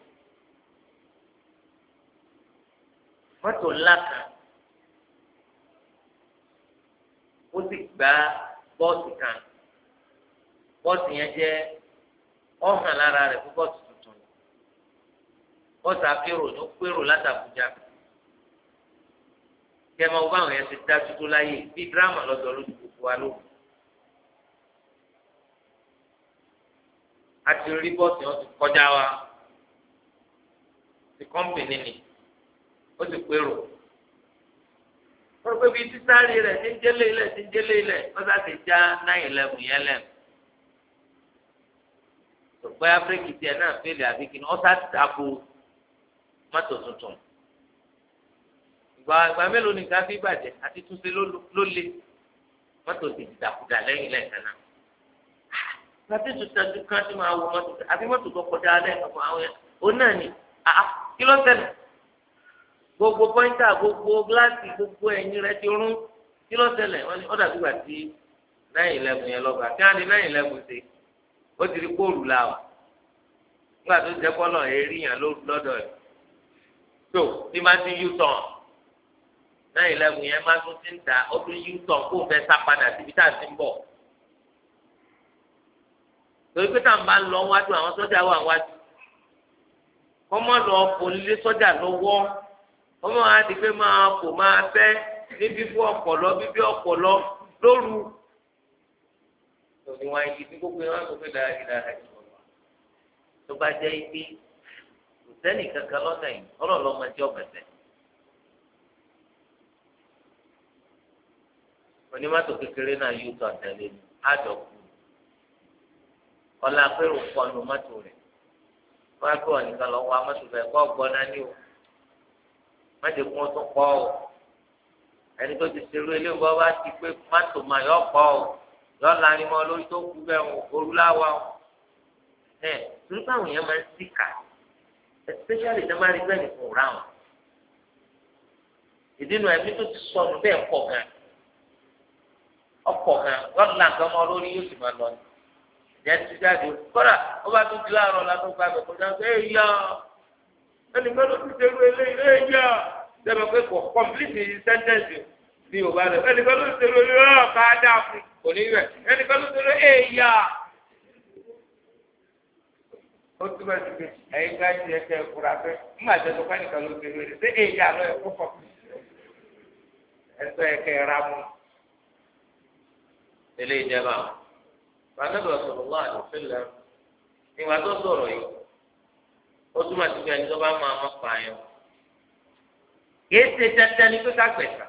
mọ́tò ńlá kan ó sì gba bọ́ọ̀sì kan bọ́ọ̀sì yẹn jẹ́ ọ̀hàn lára rẹ̀ fún bọ́ọ̀sì tuntun bọ́ọ̀sì akérò ló pérò látàbújá kẹmọ báwọn yẹn ti dájú tó láyè bí dírámà lọ́dọ̀ lójú gbogbo wa lóhùn. a ti rí bọ́ọ̀sì wọn ti kọjá wa ti kọ́mpìnì ni. ó sì pérò wọ́n pẹ́ bíi sísáré rẹ̀ ti ń jẹ́lé ilẹ̀ ti ń jẹ́lé ilẹ̀ wọ́n ti já náà ìlẹ̀mù yẹn lẹ̀mù pé áfíríkì tiẹ̀ náà fẹ́lẹ̀ àbí kí ni ti sá dàpọ̀ mọ́tò tuntun ìgbà ìgbà mélòó ni nǹkan bàjẹ́ àti túnṣe ló mọ́tò ti dàkúdà lẹ́yìn lẹ́ẹ̀kan náà àti tuntun kan ti máa wọ mọ́tò àbí mọ́tò tó kọjá lẹ́ẹ̀kan fún àwọn yẹn òun náà ni kí ló ń tẹ̀lé gbogbo pọ́ńtà gbogbo gíláàsì gbogbo ẹ̀yìn rẹ ti rún kí ló ṣẹlẹ̀ wọ́n ní ọ̀dà gbígbà tí náírà ìlẹ́gùn yẹn lọ́gbà kí á ní náírà ìlẹ́gùn ṣe ó ti di kóòlù la o nígbà tó jẹ́ kọ́ náà èrí yàn lọ́dọ̀ ẹ̀ tó bí má ti yú tán náírà ìlẹ́gùn yẹn má tún ti ń ta ó tún yú tán kó fẹ́ sá padà síbi tá à ti ń bọ̀ torí pé tá à ń lọ wájú àwọn sọ́jà wà wájú kọ́mọ́ lọ nílé sọ́jà lọ́wọ́ ọmọ wa ti pé máa kò máa tẹ́ ní fífú ọpọlọ bíbí ọpọlọ lóru òfin wa yìí tí gbogbo wọn kò fi da ìdára yìí tó bá jẹ́ ibi kò sẹ́nì kankan lọ́nà yìí ọlọ́ọ̀lọ́ máa jẹ́ ọ̀bẹ̀tẹ̀. onímọ́tò kékeré náà yóò tó àtẹ̀lé ní àjọkù ọlá pé òkú ọ̀nà mọ́tò rẹ̀ wọ́n á gbọ́ nìkan lọ́wọ́ amọ́tò má ti kún tó pọ̀ o ẹni tó ti ṣerú eléwọ́ bá ti pé mọ́tò mà yọ pọ̀ o yọ lani mọ́ lórí tó kú bẹ́ẹ̀ o òru láwa ẹ torí báwọn yẹn máa ń síkà especially tó máa rí bẹ́ẹ̀ nìkan rà wọn ìdínú ẹbí tó ti sọnù bẹ́ẹ̀ pọ̀ gan ọ̀pọ̀ gan yọ la nǹkan mọ́ lórí yóò sì máa lọ ní ti jáde kọ́dà ó bá tún di láàárọ̀ lásán gbàgbé kọjá ẹnìkan ló ti ṣerú eléyìí ẹ̀yà dẹ́gbẹ̀ pé kò kọ́mpìlìtì sẹ́ńtẹ́ǹsì ní yorùbá rẹ̀ ẹnìkan ló ti ṣerú eléyìí ọ̀ bá dáa fún kò ní rẹ̀ ẹnìkan ló ti ṣerú ẹ̀yà. ó túbọ̀ sí pé ẹ̀yin ká ti ẹ̀kẹ́ ẹ̀kúra pé nígbà tó tó kánìkan ló ti ṣerú eléyìí ṣé ẹ̀yà lọ ẹ̀sọ́ ó túmọ̀ sí pé ẹni tó bá máa mọ́ pààyàn kìí ṣe tẹ́tẹ́ ní pé kágbẹ̀sà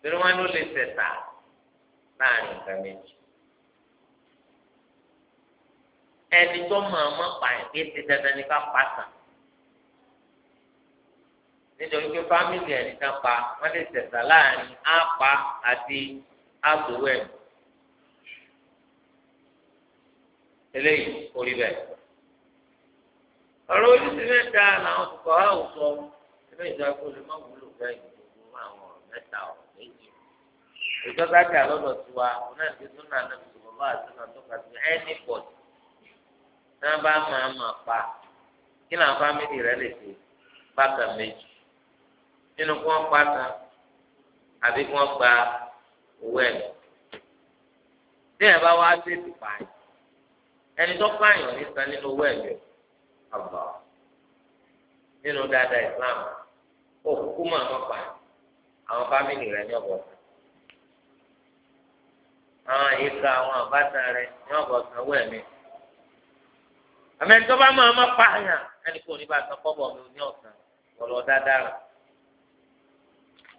torí wọn ló lè ṣẹ̀ṣà láàrin nǹkan méjì ẹni tó máa mọ́ pààyàn kìí ṣe tẹ́tẹ́ ní ká pàṣà nítorí pé fámìlì ẹni kan pa wọn lè ṣẹ̀ṣà láàrin àpá àti àtòwẹ̀mù eléyìí orí bẹ́ẹ̀ ọ̀rọ̀ ojúṣe mẹ́ta làwọn kọ̀ọ̀ àwọn sọ ẹgbẹ́ ìjọba olè má wúlò bẹ́ẹ̀ gbogbo àwọn ọ̀rọ̀ mẹ́ta ọ̀rọ̀ méjì ìjọba àti àlọ́dọ̀ ti wa òun náà ti tún náà lọ́dọ̀ tó bá àti náà tó kà sí ẹni pọ̀ jù náà bá máa máa pa kí làwọn fámìlì rẹ lè ṣe bákan méjì nínú kí wọ́n pa kan àbí kí wọ́n gba owó ẹ̀ lọ. bí bá wá sí ìpààyàn ẹni tó pààyàn ní nínú owó ẹ̀ àbá nínú dáadáa Islam òkú mọ àwọn pa àwọn fámìlì rẹ ní ọgọ àwọn ìka àwọn àbátan rẹ ní ọgọ sanwó ẹmí àmẹnitọ́ bá máa má pa àyàn ẹni kò ní bá san kọ́bọ̀ mi ní ọ̀sán ọ̀lọ́ dáadáa rẹ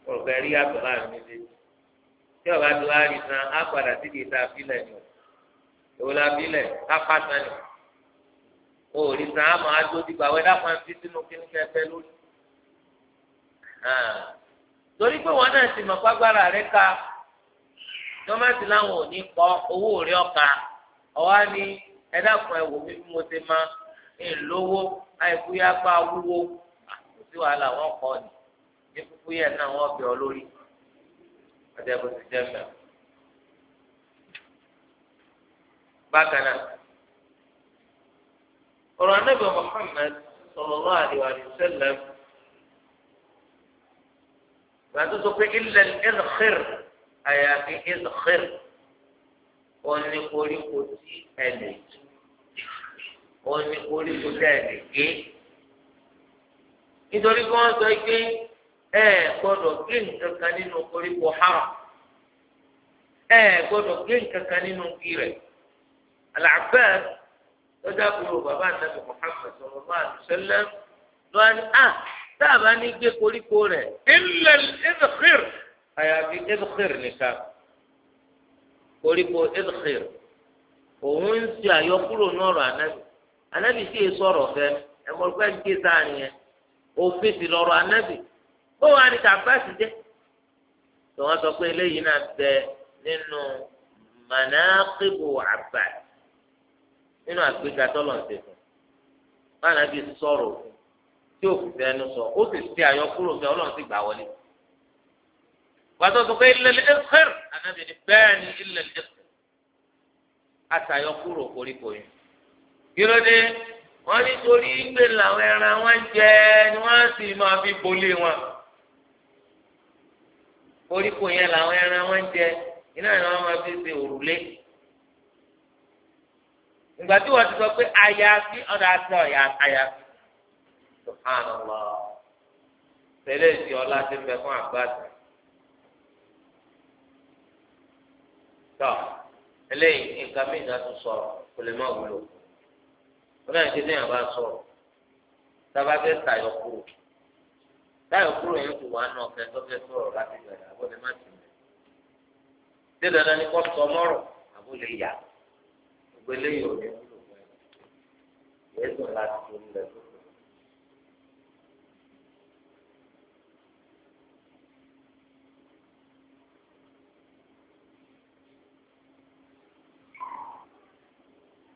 ọ̀rọ̀ kẹrí àtọ̀ láàrin méjèèjì tí ọba tó wá rí san á padà síbi ìta fílẹ̀ ni o èwo la fílẹ̀ ká pàṣẹ ni o ò rí sàn á máa dó dìgbà wẹ́ dápọ̀ ẹ̀ fi sínú kí ní kẹ́ fẹ́ lórí. torí pé wọn náà ti mọ̀ pàgbára rẹ ká tọ́mátì láwọn ò ní kọ́ owó rí ọ̀ka ọ̀wá ni ẹ dákun ẹ wò mí bí mo ṣe máa ń lówó àìkúyà pa wúwo àti wàhálà wọn kọ́ ni ní kúkú yẹn náà wọ́n bẹ̀ ọ́ lórí ọ̀dẹ́ bó ti jẹ́ bákan náà ọ̀rọ̀ anábì Muhammad sallallahu alaihi wa sallam gbàtú sọ pé ilẹ̀ ẹnxir àyàfi ẹnxir òní koríko tí ẹ lè tú òní koríko tí ẹ lè gé nítorí kí wọ́n sọ pé ẹ gbọ́dọ̀ gé nǹkan kan nínú koríko haram ẹ gbọ́dọ̀ gé nǹkan kan nínú kí rẹ̀ al lọ́jà kúrò bàbá àtàbí Muhammad sallallahu alaihi wasallam lọ́wọ́ ni à ah, táàbà ní gbé koríko rẹ̀ ilẹ̀ ìdìkìr àyàfi ìdìkìr nìkan koríko ìdìkìr òun ń ṣe àyọkúrò náà rọ ànábì ànábì sì sọ̀rọ̀ fẹ́ ẹ̀mọ́lùkọ́ ń ké sáà nìyẹn òfin sì lọ́rọ̀ ànábì ó wà ní kàbáàsì jẹ́ tọ́wọ́n sọ pé eléyìí náà bẹ nínú mànáàkìbò Abbas nínú àgbéga tọ́lọ̀ ń ṣe fún báyìí náà bí sọ̀rọ̀ tí ò fẹ́ ẹnu sọ ó sì ṣe àyọkúrò fẹ́ ọlọ́run sì gbà wọlé gbàtọ́ sọ pé ilẹ̀ ẹ̀fẹ́r ànábì ni bẹ́ẹ̀ ni ilẹ̀ ẹ̀fẹ́r àtàyọkúrò koríko yìí kí ló dé wọ́n nítorí gbé làwọn ẹran wọn jẹ ni wọ́n sì máa fi bolé wọn koríko yẹn làwọn ẹran wọn jẹ iná ìran wọn máa fi ṣe òrùlé ìgbà tí wọ́n ti sọ pé àyàfi ọ̀dà àti ọ̀yà àyàfi subhanallah tẹ̀lé ìsì ọlá ti bẹ fún àgbàdo tọ eléyìí nǹkan mí ìdá tún sọ̀rọ̀ kò lè má wúlò wọn náà ń kéde yàrá sọ̀rọ̀ sábà fẹ́ tayọ kúrò tayọ kúrò yẹn kò wá náà fẹ́ tó fẹ́ sọ̀rọ̀ láti bẹ̀rẹ̀ àbọ̀dé má ti mẹ ṣé dandan ni kò sọ mọ́rọ̀ àbó lè yàtọ̀. pélé yìí ò ní wúlò fún ẹ láti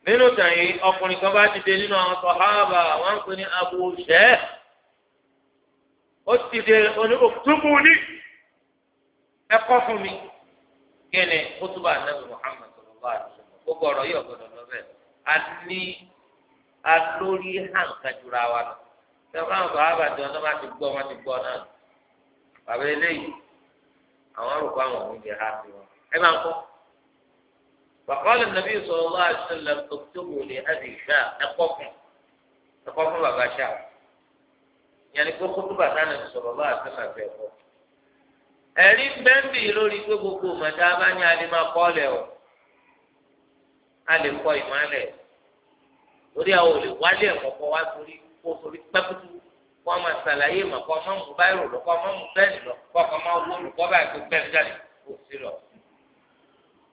nínú tàyí ọkùnrin kan bá nínú àwọn wọn ń pè ní abu ó ti dé ní fún mi kótóbà gbogbo ọ̀rọ̀ yìí ọ̀gbọ́dọ̀ lọ bẹ́ẹ̀ a ní a lórí hàn kájúra wa lọ sẹ́wọ́n àwọn bàbá àbàdàn náà má ti gbọ́ má ti gbọ́ náà bàbá eléyìí àwọn arúgbó àwọn òun jẹ ha sí wọn ẹ máa ń kọ́. وقال النبي صلى الله عليه وسلم اكتبوا لأبي شاء نقفهم نقفهم بابا شاء يعني كل خطبة كان صلى الله عليه وسلم في ẹ̀rí bẹ́ẹ̀bì lórí gbogbo mọ̀tá bá ní adé máa kọ́ o a lè kọ ìmọ̀lẹ̀ lórí àwọn olè wálé ẹ̀kọ́kọ́ wá sórí kó sórí pẹ́kútú kó ọmọ sàlàyé mà kó ọmọ mú báyìí lọ kó ọmọ mú bẹ́ẹ̀nì lọ kó ọmọ máa wó olùkọ́ báyìí tó bẹ́ẹ̀ jáde kó sí lọ.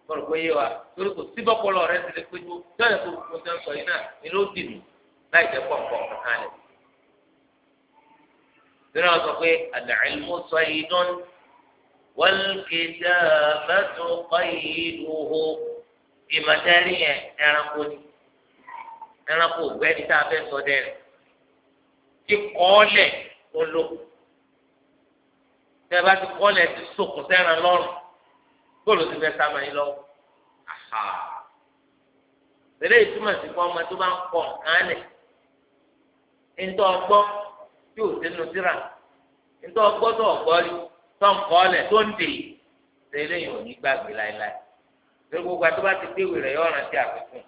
bọ́lá pé yé wa torí kò sí bọ́pọ̀lọ rẹ ti lè pé tó jọ́yọ̀ tó kó tó ń sọ yìí náà ni ló dì mí láì jẹ́ pọ̀npọ̀ kankan lẹ̀. sínú àwọn sọ pé al-ilmu ìmọ̀tẹ́rì yẹn ẹranko ni ẹranko ògbẹ́ni tá a fẹ́ sọ dẹ́rẹ̀ ti kọ́ọ̀lẹ̀ olóko tẹ́ bá ti kọ́ọ̀lẹ̀ ti sokùn sẹ́ran lọ́rùn bóòlù ti fẹ́ sáma yín lọ́wọ́ aha tẹ́lẹ̀ ìtumọ̀ sí fún ọmọ tó bá ń kọ̀ kánlẹ̀ ntọ́ ọgbọ́ tí ò sínú síra ntọ́ ọgbọ́ tó ọgbọ́ rí tó ń kọ́ọ̀lẹ̀ tó ń dè tẹ́lẹ̀ yìí ò ní gbàgbé láéláé pé gbogbo àti bá ti gbéwèé rẹ̀ yọ̀ọ́ rántí àfikún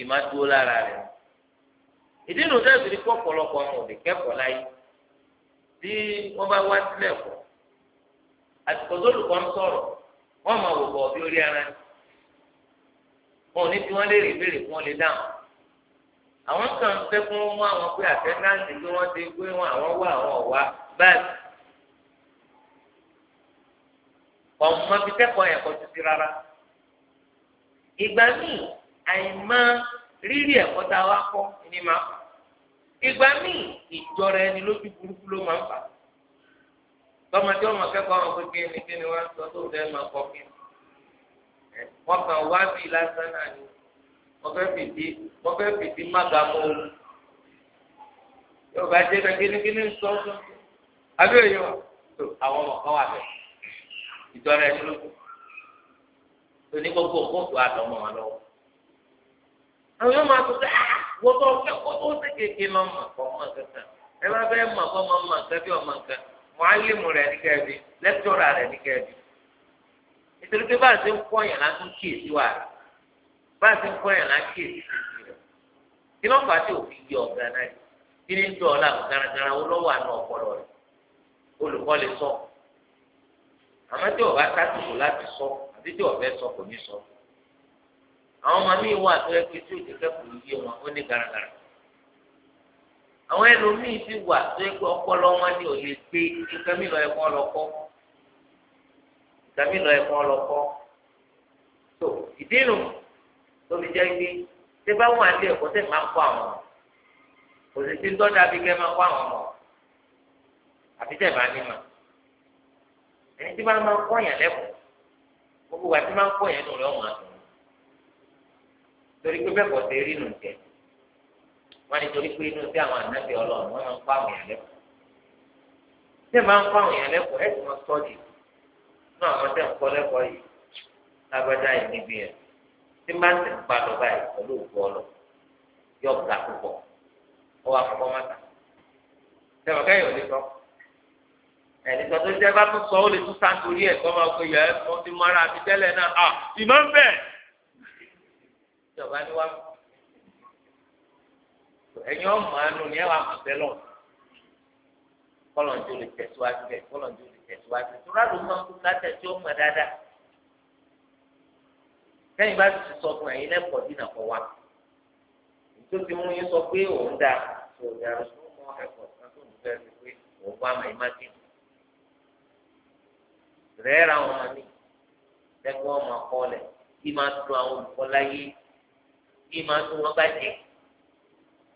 ìmá dúró lára rẹ̀ ìdí nu dẹ́sù ní kó ọ̀pọ̀lọpọ̀ àwọn òde kẹ́kọ̀ọ́ láyé tí wọ́n bá wá sílẹ̀ kọ́ àtìkọ́ sólùkọ́ ń sọ̀rọ̀ wọ́n máa wò bọ̀ bí orí ara ni wọn ò ní fi wọ́n léèrè ìbéèrè fún wọn lè dáhùn àwọn kan fẹ́ fún wọn mú àwọn pé àtẹ́ńdáǹsì tí wọ́n ti gbé wọn àwọn wá àwọn ọ̀wá báyìí wọn mọ fi kẹ́kọ̀ọ́ ẹ̀kọ́ títí rárá ìgbà míì àìmọ̀ rírì ẹ̀kọ́ tá a wá kọ́ ni máa fà ìgbà míì ìjọra ẹni lójú burúkú ló máa ń fà tọmọdé ọmọ kẹ́kọ̀ọ́ àwọn pé kí ni kí ni wọn sọ tó dẹ máa kọ kí ni wọn kàn wá bí lásán náà ni wọn fẹẹ fìdí wọn fẹẹ fìdí mága mọ òun yóò bá jẹ kí ni kí ni sọ ọ sọ àbí òye wa tó àwọn ọmọ kan wà bẹ́ẹ̀ ìtọ́ra ẹni ló tó ní gbogbo kóòtù àdọ́mọ́ wọn lọ́wọ́. àwọn yóò máa tó sẹ́ ah wọ́n tó ọ̀kẹ́ kó tó ṣe kéèké lọ mọ̀ kọ́ mọ̀ kankan ẹ bá fẹ́ mọ̀ kọ́ mọ̀ mọ̀ nǹkan bí ọmọ nǹkan mọ̀álímù rẹ̀ ní kẹ́ẹ̀bí lẹ́tọ́rà rẹ̀ ní kẹ́ẹ̀bí. nítorí pé bá a ṣe ń kọ́ yàn láti ń kíyèsí wa rẹ̀ bá a ṣe ń kọ́ yàn láti kíyèsí rẹ̀ kí ló fà á tí òfin yọ ọ̀gá náà kí ni ń dọ̀ ọ́ àmọ́ tí o bá sásìkò láti sọ àti tí o fẹ́ sọ kò ní sọ àwọn ọmọ mi wà tó yẹ kí tí o ti kẹ́kọ̀ọ́ yé wọn ó ní garagara àwọn ẹlòmíì ti wà tó yẹ kí ọpọlọ wọn ni ò lè gbé nǹkan mi lọ ẹ̀kọ́ lọ́kọ́ nǹkan mi lọ ẹ̀kọ́ lọ́kọ́ tó ìdí nu tó fi jẹ́ pé tẹ bá wọn àti ẹ̀kọ́ tẹ̀ máa kọ́ àwọn kò sì ti ń tọ́jà bí kẹ́ máa kọ́ àwọn ọmọ àti tẹ̀ bá ní máa ẹni tí máa máa ń kọyàn lẹ́kọ̀ọ́ gbogbo wa tí máa ń kọyàn nù rẹ ọmọ àtùn torí pé bẹ́ẹ̀ bọ̀ sí rí nù jẹ wọn ni torí pé inú sí àwọn ànábì ọlọ́run wọn máa ń kọ àwọn èèyàn lẹ́kọ̀ọ́ tí ẹ máa ń kọ àwọn èèyàn lẹ́kọ̀ọ́ ẹ sì máa sọ jù nínú àwọn tẹ̀ ń kọ́ lẹ́kọ̀ọ́ yìí lágbájá yìí níbi yẹn tí máa ń tẹ̀ ń padà báyìí pẹ̀lú òkú ọlọ ẹni tó tó jẹ bá tún sọ ó lè tún sáńtorí ẹ kọ́ máa kó yẹ ẹ kọ́ ti mọ ara àti tẹ́lẹ̀ náà à ìmọ̀ ń bẹ̀. ìjọba ni wá ẹ̀yin ọmọ àánú ni ẹ wà kù sẹ́lọ̀ kọ́lọ̀njú lè tẹ̀síwájú bẹ̀ kọ́lọ̀njú lè tẹ̀síwájú tó rárá ló máa ń kú látẹ̀ tí ó mọ̀ dáadáa. sẹ́yìn bá ti sọ fún ẹ̀yin lẹ́kọ̀ọ́ dínà kọ́ wa tó ti mú yín sọ pé òun dáa òun dáa ló mọ ẹ̀kọ́ kan tó ń pé òun wá máa ẹ má kéde rẹ́ẹ̀rẹ́ àwọn ọmọ mi tẹ́gbọ́n ọmọ akọ́lẹ̀ kí máa tún àwọn olùkọ́ láyé kí máa tún wọn bàjẹ́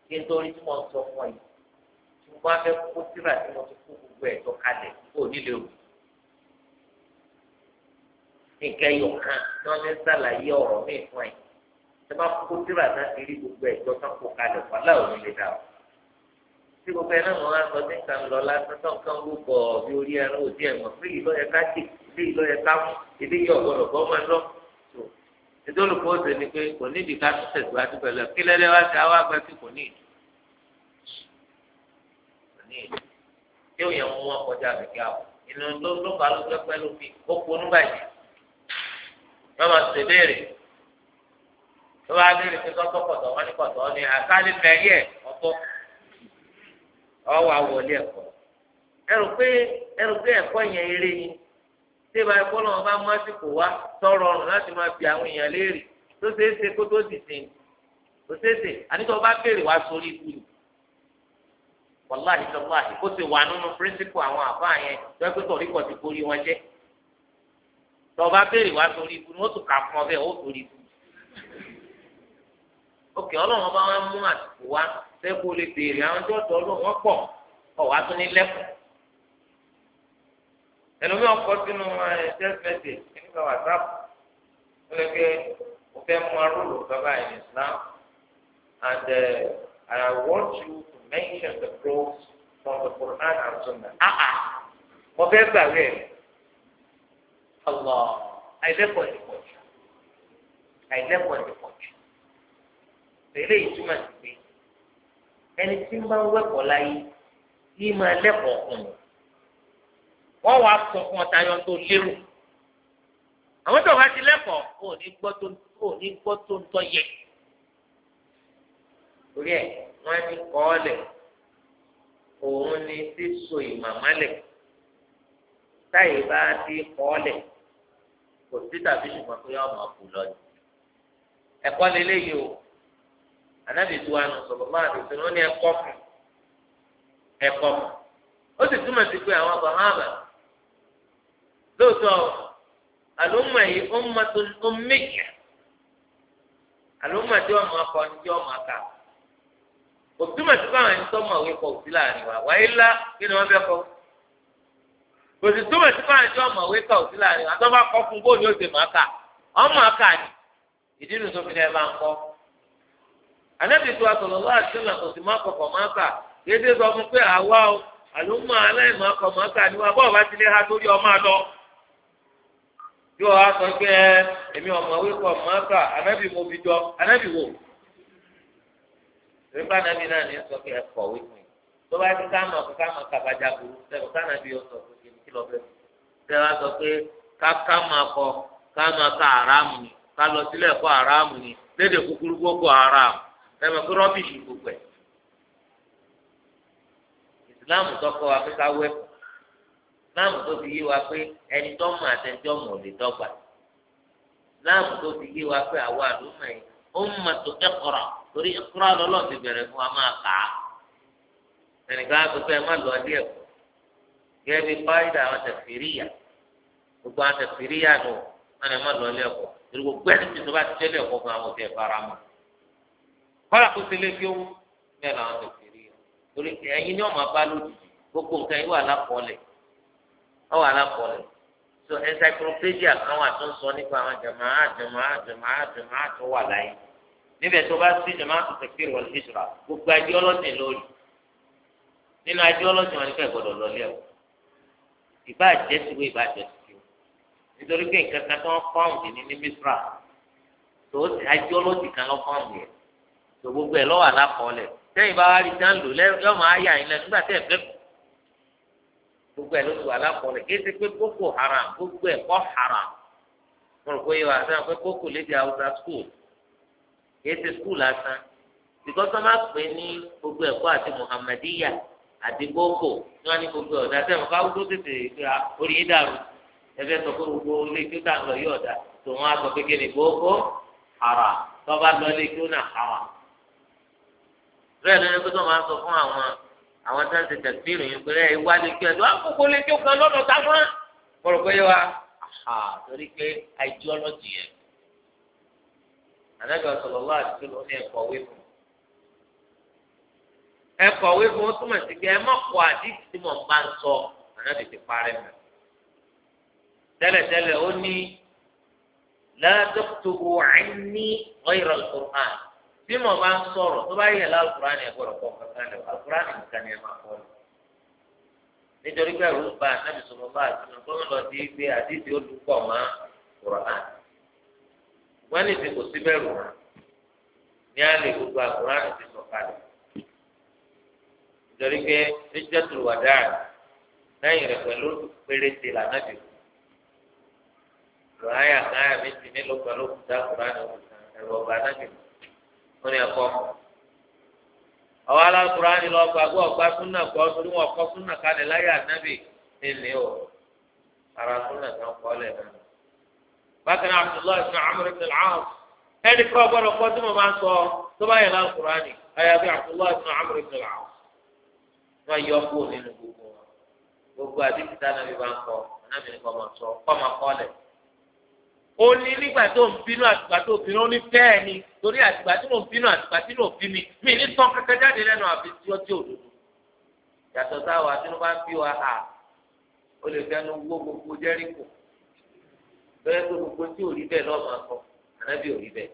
kí n torí tí mo sọ fún ọ yìí tí mo bá fẹ́ kó síra tí mo ti kó gbogbo ẹ̀tọ́ kalẹ̀ kó nílé o nǹkan yọ̀kan tí wọ́n fi sàlàyé ọ̀rọ̀ mi fún ẹ̀ tí wọ́n bá kó síra náà ti rí gbogbo ẹ̀tọ́ tó kó kalẹ̀ wọ́n láwọn lè dà o tí gbogbo ẹ náà mọ̀ wá sọ sí nǹkan lọ lásán tó nǹkan rúbọ bí orí ẹran òdì ẹ̀wọ̀n pé ìlọ yẹ ká dì ilé ìlọ yẹ ká mú ilé yẹ ọ̀gbọ́dọ̀ gbọ́ máa lọ. nítorí kó o ṣe ni pé kò ní ìdí ká tó tẹ̀síwájú pẹ̀lú ẹ̀ kí lẹ́lẹ́ wá sí àwọn àgbà tí kò ní ìdí. tí ó yẹ wọn kọjá rẹ̀ kí a wò inú ló ló bá ló fẹ́ pẹ́ ló ó ponú báyìí ọwọ́ àwọlé ẹ̀kọ́ ẹrù pé ẹrù pé ẹ̀kọ́ yẹn eré yín tí ìbá ẹ̀kọ́ náà bá mú àsìkò wá tọrọ ọrùn láti máa fi àwọn èèyàn léèrè tó ṣeé ṣe kó tó sì sìn kó ṣeé ṣe àníkọ́ bá béèrè wá sórí ikú ni wàláhì sọláhì kó ṣe wà nínú píríncípù àwọn àbá yẹn tó ẹ pé tọ̀rí kọ̀ ti borí wọn jẹ́ tọ́ béèrè wá sórí ikú ni ó tún kà fún ọ ó sórí ikú òkè ọlọ́run bá wọn mú àtìkù wá sẹ́kù lè béèrè àwọn tó tọ́ lò wọ́n pọ̀ ọ̀ wá tún ní lẹ́kùn. ẹlòmíì ọkọ̀ sínú text message nípa whatsapp ó lè pe mo fẹ́ mú arúgbó bàbá in Islam and uh, I want you to mention the pros from the Quran and Sunnah. Ah ah mo fẹ́ gbàgbé rẹ̀ Allah àìlẹ́kọ̀ọ́ ti pọ̀ jù àìlẹ́kọ̀ọ́ ti pọ̀ jù tẹ̀lé ìtumọ̀ sí pé ẹni tí ń bá ń wẹ̀kọ̀ láyé yìí máa lẹ́kọ̀ọ́ fún un wọ́n wàá sọ fún ọ tayọ tó lérò àwọn tó wá ti lẹ́kọ̀ọ́ ò ní gbọ́ tó ò ní gbọ́ tó ń tọ́ yẹ torí ẹ̀ wọ́n ní kọ́ọ̀lẹ̀ òun ni sísọ ìmàmálẹ̀ táyì bá ti kọ́ọ̀lẹ̀ kò sí tàbí ṣùgbọ́n pé ọmọ kù lọ ẹ̀kọ́ lélẹ́yìí o anabi tó wánu sọlọ máa dùn sí ní ó ní ẹ̀kọ́ fún ẹ̀kọ́ fún ó sì túmọ̀ sí pé àwọn bahama lóòótọ́ àlùmọ̀ yìí ó ń mọ́tò ó ń méjì àlùmọ̀ tí wọ́n máa kọ́ ni tí wọ́n máa kà kò túmọ̀ sí báwọn ẹni tó mọ̀ òwe kọ̀ òsì láàrin wa wáyé ńlá kí ni wọ́n fẹ́ kọ́ kò sì túmọ̀ sí báwọn ẹni tó mọ̀ òwe kọ̀ òsì láàrin wa tó bá kọ́ fún bóun ó ṣe máa kà ọmọ àkà ni ìdí anabi tó asọlọlọ àtúnlẹ òsì má kọkọ má kà yéde sọ fún pé àwa o àlùmọ aláìmọ ọkọ má kà ni wa bọ́ọ̀ bá ti lé ha sórí ọmọ àlọ yóò wá sọ pé ẹ èmi ọmọwé kọ má kà anabi mo fi jọ anabi wò nípa anabi náà ní sọ pé ẹ kọ̀wé fún yìí tó bá ti ká mọ̀ kó ká mọ̀ kàbàjá burú sẹ́wọ̀n ká anabi yóò sọ pé kí lọ bẹ́ẹ̀ sẹ́wọ̀n á sọ pé ká máa kọ ká àràmù ni ká lọ sílẹ̀ kọ́ àràmù ni léde kúkúrú kó àràmù. ẹ̀mọ̀ pé rọ́bìṣì gbogbo ẹ̀ ìsìláàmù tọkọ wa pé ká wẹ̀ fi yé wa pé ẹni tọ́mọ àtẹnjọ́ mọ̀ lè dọ́gba fi yé wa pé àwa àdúmọ̀ yìí ó ń mọ̀ tó torí ẹ̀kọ́ra lọ́lọ́ ti bẹ̀rẹ̀ fún wa máa kà á ẹnìkan á pépé ẹ má lọ ẹ̀kọ́ gẹ́gẹ́ bí fáyidà àwọn gbogbo kọ́lá kó ṣe lé fi owó bẹ́ẹ̀ làwọn tó fi rí ọ torí ẹ̀yin ni wọ́n máa bá lójijì gbogbo nǹkan yìí wà lápọ̀ọ́lẹ̀ ọ wà lápọ̀ọ́lẹ̀ so encyclopedia kan wà tó ń sọ nípa àwọn jàmáà jàmáà jàmáà jàmáà tó wà láyé níbẹ̀ tó bá sí jàmáà tó tẹ̀sí wal hijra gbogbo ideology lórí nínú ideology wọn ni kẹ́ gbọ́dọ̀ lọ lẹ́wọ̀ ìbá àjẹsíwò ìbá àjẹsíwò nítorí pé nǹkan kan tó ń fọ́ọ̀mù ní ní misra tó ideology kan lọ́ fọ́ọ̀mù yẹn tó gbogbo ẹ̀ lọ́wọ́ àlákọọ́lẹ̀ tẹ́yìn bá wá rí dáń lò yọ máa yà yín lẹ nígbà tẹ́ ẹ̀ fẹ́ kù gbogbo ẹ̀ ló wà lákọọ́lẹ̀ kí pé Boko Haram gbogbo ẹ̀ kọ́ haram mo rò pé wà sẹ́wọ̀n pé Boko lè di hausa school kí ẹ ti school lásán bìkọ́sọ́ máa pè ní gbogbo ẹ̀kọ́ àti Muhammadiya àti Boko ní wọ́n ní gbogbo ọ̀dà sẹ́wọ̀n káwọ́ tó tètè ah, orí yín dàrú ẹgbẹ́ sọ pé gbogbo ilé tó dà lọ yí ọ̀dà tòun á sọ pé kí ni Boko Haram tọ́ba lọ ilé tó nà haram bẹ́ẹ̀ ló ní kó tó máa sọ fún àwọn àwọn tó ń ṣe tẹ̀síìrì yìí pé ẹ wá lè kí ẹ wá kókó lè jó kan lọ́dọ̀ tá a fún wa. mo pé yé wa torí pé ideology yẹn ànágbà sọ̀rọ̀ lọ́wọ́ àti tó ní ẹ̀kọ́ wé fún ẹ̀kọ́ wé fún túmọ̀ sí pé ẹ má kọ àdìsí tí mò bá ń sọ ànágbà ti parẹ́ mọ́ tẹ́lẹ̀tẹ́lẹ̀ ó ní ládọ́kítọ̀ wọ̀ á ní ọ̀yẹ̀rọ̀ kùrán bí mo bá ń sọ̀rọ̀ tó bá yẹ lálùkùránì ẹ̀ gbọ́dọ̀ kọ́ kankan lẹ̀ àlùkùránì nìkan ni ẹ máa kọ́ lọ. nítorí pé ẹ̀rù ń ba àtàbí sọ̀rọ̀ bá àtúnú tó ń lọ sí gbé àdídì olùkọ́ mọ́ kùránì. wọ́n ní ti kò sí bẹ̀rù wọn ní alẹ́ gbogbo àkùránì ti sọ̀ kalẹ̀. nítorí pé ríjẹ́tù wà dáa lẹ́yìn rẹ̀ pẹ̀lú péréte lànàbì. kùránì wọn ni ẹ̀kọ́ ọwọ alákùránì lọ gbàgbọ́ ọgbà súnà kọ torí wọn kọ súnà kalẹ̀ láyé ànábì o ara súnà kan kọ lẹ bákan náà abdullahi ẹni máa ń sọ tó bá yẹ ayàbí abdullahi wọn yọ kó nínú gbogbo wọn a máa ó ní nígbà tó ń bínú àtìgbà tó bínú ó ní bẹ́ẹ̀ ni torí àtìgbà tí mò ń bínú àtìgbà tí mò ń bí mi mi ní tán kankan jáde lẹ́nu àfi tí ó ti òdodo. yàtọ̀ sáwà tí wọ́n bá ń bí wa hà ó lè fẹ́nu wó gbogbo jẹ́ríkò bẹ́ẹ̀ tó gbogbo tí ò rí bẹ́ẹ̀ lọ́ọ́ máa sọ ànábì ò rí bẹ́ẹ̀.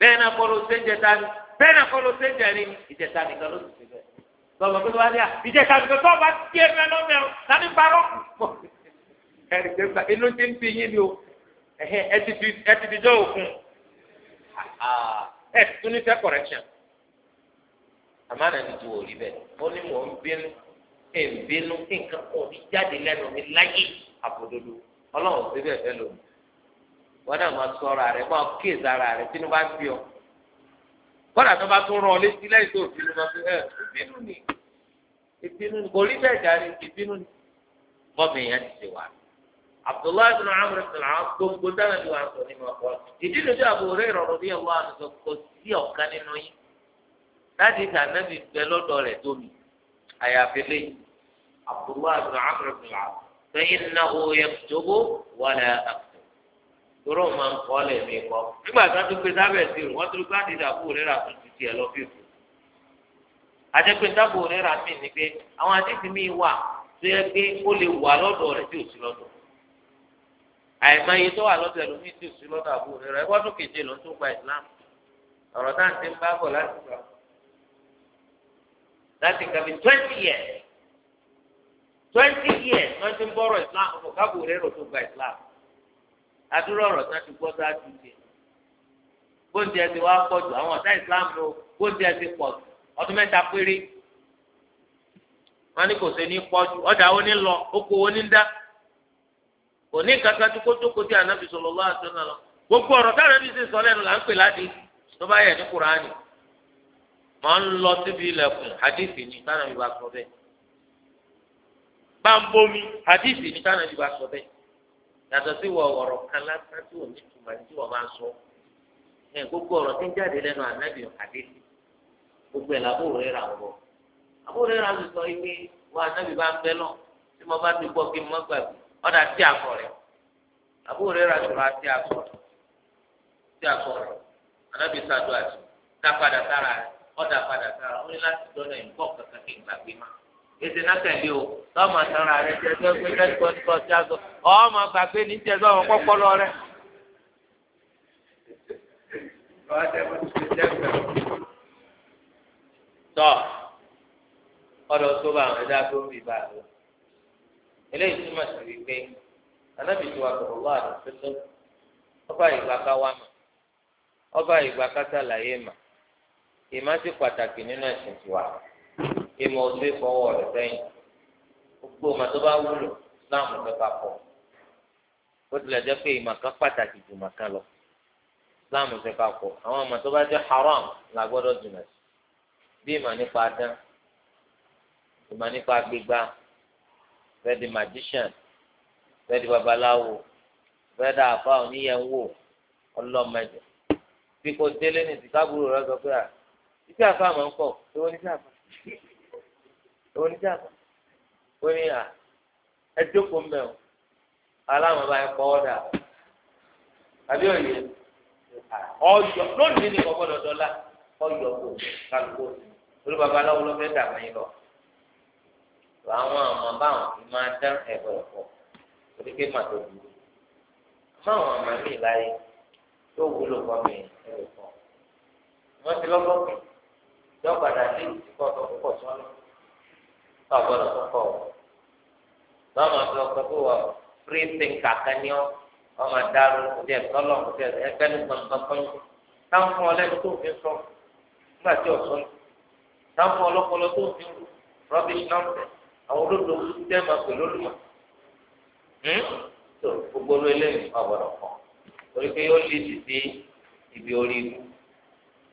bẹ́ẹ̀ náà kọ́ ló ṣe ń jẹta ni bẹ́ẹ̀ náà kọ́ ló ṣe ń jẹ ni ìjẹta nìkan ló sì ẹ̀rìkẹ́ gba inú ti ń fi yín ni o ẹ ti dijọ́ òkun ẹ ti tún ní fẹ́ correction àmọ́ ànàbì ti wò rí bẹ́ẹ̀ ó ní mò ń bínú ẹ̀ ń bínú nǹkan kan ní jáde lẹ́nu mi láyé àbòdodo ọlọ́run sí bẹ́ẹ̀ fẹ́ lòun wọn náà máa sọ ara rẹ máa kíyèsí ara rẹ tí wọn bá ń bí ọ kọ́dà tó bá tún rán ọ létí lẹ́yìn tó bínú lọ sí ẹ ìbínú ni ìbínú ni kò rí bẹ́ẹ̀ jáde ìbínú ni bọ́ọ̀mù èèyàn ti ṣe wà ní abdullahi bin amr bin al-aas gbogbo dáná ju àtọ̀ nínú ọkọ̀ ìdí nìjọ Abu Hurairah radiyallahu anhu kò sí ọ̀kan nínú yín láti ìta anábì bẹ lọ́dọ̀ rẹ̀ tómi àyàfi lé abdullahi bin amr bin al-aas fa innahu yaktubu wa la aktub tóró máa ń kọ́ lẹ̀ mí kọ́ nígbà tó tún pé sábẹ̀ sí rò wọ́n tún gbá àdìdà Abu Hurairah tó ti tiẹ̀ lọ fífò àjẹpẹ́ Abu Hurairah mí ni pé àwọn àdìsí mi wà tó yẹ pé ó àìmọ iye tó wà lọ́dọ̀ ẹlòmíì tí òsì lọ́dọ̀ àbúrò keje ló ń tó gba islam ọ̀rọ̀ táà ń ti ń bá bọ̀ láti gbà láti kà bí twenty years twenty years wọ́n ti ń bọ̀rọ̀ islam ọ̀pọ̀ káàbò rẹ rò tó gba islam adúrò ọ̀rọ̀ táà ti gbọ́ sáájú tiẹ̀ bóńdé ẹ ti wá pọ̀ islam ló ẹ ti pọ̀ jù ọdún mẹ́ta péré òní kankan tó kó jókòó tí anabi sallallahu alaihi wasallam gbogbo ọ̀rọ̀ táwọn ẹbí sì sọ lẹ́nu là ń pè láti tó bá yẹ ní kuraani lọ síbi ilẹ̀kùn hadithi ni táwọn ẹbí bá sọ bẹ́ẹ̀ sọ bẹ́ẹ̀ yàtọ̀ sí wọ ọ̀rọ̀ kan sọ ẹ̀ gbogbo ọ̀rọ̀ tí ń jáde lẹ́nu anabi hadithi gbogbo ẹ̀ làbó rẹ̀ rà àbó rẹ̀ rà sọ ń lọ ọ̀dà tí a sọ rẹ̀ àbúrò rẹ̀ ràṣọ̀rọ̀ àti àṣọ tí a sọ rẹ̀ anábì sàdó àti dá padà sára rẹ̀ ọ̀dà padà sára ó ní láti dọ́nà ìbọ̀ kankan kí n má èsì náà o lọ́mọ sára rẹ̀ tí ẹgbẹ́ gbé lẹ́gbọ́n tí wọ́n ti àgọ́ ọmọ gbàgbé ní tẹ̀lé ọmọ pọ́pọ́lọ́ rẹ̀. tọ́ ọ̀dọ̀ tó bá àwọn tó ń bì eléyìí túmọ̀ sí wípé anábì tí wàá sọ̀rọ̀ lọ́wọ́ àdùnsílẹ̀ ọba ìgbà ká wá mà ọba ìgbà ká sàlàyé mà ìmá sí pàtàkì nínú ẹ̀sìn tiwa ìmọ̀ òsè fọwọ́ rẹ̀ sẹ́yìn gbogbo ọmọ tó bá wúlò Islam fẹ́ bá pọ̀ bó tilẹ̀ jẹ́ pé ìmọ̀ kan pàtàkì jù mà kan lọ Islam fẹ́ bá pọ̀ àwọn ọmọ tó bá jẹ́ haram la gbọ́dọ̀ jùmọ̀ sí bí ìmọ̀ nípa dán ìmọ̀ nípa gbígbá fẹ́ di magician fẹ́ di babaláwo fẹ́ da àfa oníyẹ̀wò ọlọ́mọdé bí kò délé ní ìsìkábúrò rẹ sọ pé à ìsì àfa àmọ́ ń kọ̀ ewé ní sàfà ewé ní sàfà ó ní à ẹ jókòó mbẹ o aláwọn bá yẹ kọ́ ọ́dà àbí òye ọyọ lónìí ní kọ́ gbọ́dọ̀ dọ́là ọyọ kò kálukó olú babaláwo ló fẹ́ dàgbà yín lọ tó àwọn àmọ́ báwọn fi máa dán ẹ̀bọ̀ ọ̀pọ̀ torí pé màtó dúró àmọ́ àwọn àmọ́ mi láyé tó wúlò fún mi ẹ̀bọ̀ ọ̀pọ̀ wọ́n ti lọ́gbọ́n pè yọ padà sí ìdíkọ̀ tó púpọ̀ sọ́nà tó àgbọ̀dọ̀ kọ́kọ́ ọ̀ lọ́mọ àti ọkọ̀ tó wà free thinker kan ní ọ́ ọmọ dàrú ọdẹ tọ́lọ̀ ẹgbẹ́ ní gbọ̀ngbọ̀ngbọ̀n táwọn ọlẹ́ni tó fi sọ nígbà fi rọ́bìṣì náà tẹ̀ àwọn olódò tẹ́ máa pè lólùmọ̀ tó hmm? gbogbo olú eléyìí máa gbọdọ̀ kọ́ torí pé yóò lè dì sí ibi orí ikú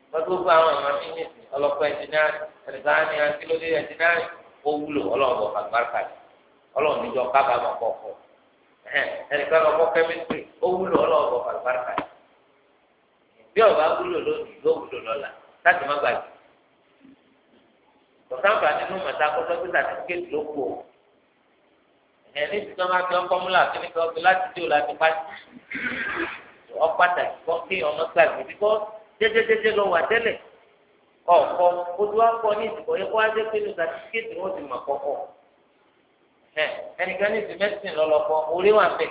gbogbo gbogbo àwọn àwọn mínísì ọlọ́pàá ẹ̀ńjìnárì ẹ̀ńjìnárì àtìlódé ẹ̀ńjìnárì ó wúlò ọlọ́ọ̀bọ̀ àgbàkà ọlọ́ọ̀ níjọ kábàámọ̀ kọ̀ọ̀kọ̀ ẹnìkan lọ kọ́ kẹ́mísírì ó wúlò ọlọ́ọ̀bọ̀ àgbàkà bí ọba wúlò lónìí yóò wúlò lọ́la láti má gbàgbé tọ́sánfà nínú mọ̀tà kọ́tọ́ pé sàtífíkẹ́tì ló kù ẹ̀ ní ti sọ́mà tó ń fọ́múlà tó ní sọ́ọ́ láti dé o láti pàṣẹ ọ̀pàtàkì kọ́ kí ọmọ gbàgbé bíkọ́ jẹ́jẹ́jẹ́jẹ́ lọ wà tẹ́lẹ̀ ọ̀kọ́ ojú akọ ní ìsìnkọ́ yẹ kó wá jẹ́ pé ní sàtífíkẹ́tì wọn ti mọ̀ kọ́kọ́ ẹnìkan ní ìsìn mẹ́sìn lọ́lọ́kọ́ orí wà bẹ̀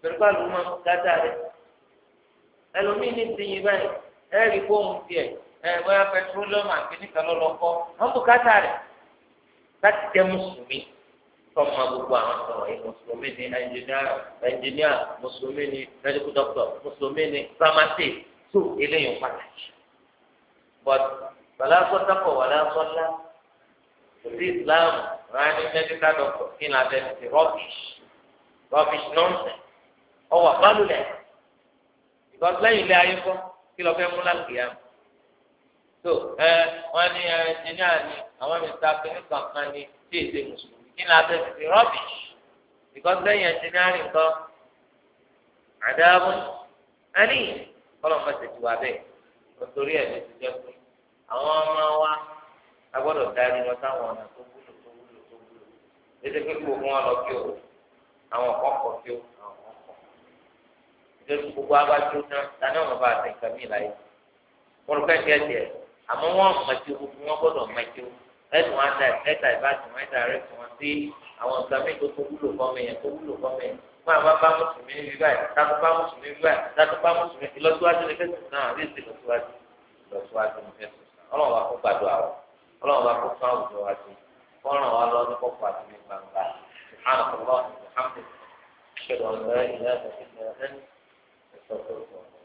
pẹ̀lú àlùmọ́ gádà rẹ̀ ẹ bóyá pẹtrólíọ̀mù àkínníkan ló lọ kọ́ wọ́n bù kátà rẹ̀ láti jẹ́ mùsùlùmí tọ́mọ gbogbo àwọn sọ̀rọ̀ yìí mùsùlùmí ni ẹnjìníà mùsùlùmí ni mẹdíkù dọ́kítọ̀ mùsùlùmí ni pharmacy tó eléyìí pàtàkì. but bàlá sọ́tàkọ̀ wàlá sọ́tà kò sí islam rán ní mẹdíkà dọ́kítọ̀ kí n abẹ́ ti rubbish rubbish nonsense ọwọ́ àbálùlẹ̀ ìgbàgbọ́ lẹ́yìn ilé ayé kọ́ kí lọ́ọ́ fẹ́ So, ẹ wọn ní ẹ jìnnà ni àwọn mr kìnnì kankan ni tí èsè mùsùlùmí kí ni abẹ́ ti fi rọ́bìṣì because lẹ́yìn ẹ jìnnà nìkan àdáàbò ẹni kọlọ́mọ tètè wà bẹ́ẹ̀ nítorí ẹ̀ ló ti jẹ́ pé àwọn ọmọ wa a gbọ́dọ̀ darí wọn sáwọn ọ̀nà tó wúlò tó wúlò tó wúlò lédè pé kó wọn lọ kí o àwọn ọkọ̀ kí o àwọn ọkọ̀ nítorí gbogbo abájú náà tani ọmọ bá àtẹ̀kẹ́ mi láyé kọlùkẹ́ kẹ́ tiẹ̀ àmọ́ wọ́n mọ̀tí gbogbo wọn gbọ́dọ̀ mọ̀tí ẹ̀sùn wọn dà ẹ̀ta ìbáṣe wọn dà rẹ̀ fún wọn sí àwọn nǹkan mi tó tó wúlò fọ́mọ yẹn tó wúlò fọ́mọ yẹn fún àwọn bá mùsùlùmí rí báyìí táko bá mùsùlùmí rí báyìí táko bá mùsùlùmí ìlọsíwájú ni fẹsùn náà àbí èsì ìlọsíwájú ìlọsíwájú ni fẹsùn ọlọ́run wa kó gbàdúrà wa ọlọ́run wa kó fún àwùjọ wa sí fọ́nrán wa lọ ní kọ́kọ́ àti ní gbangba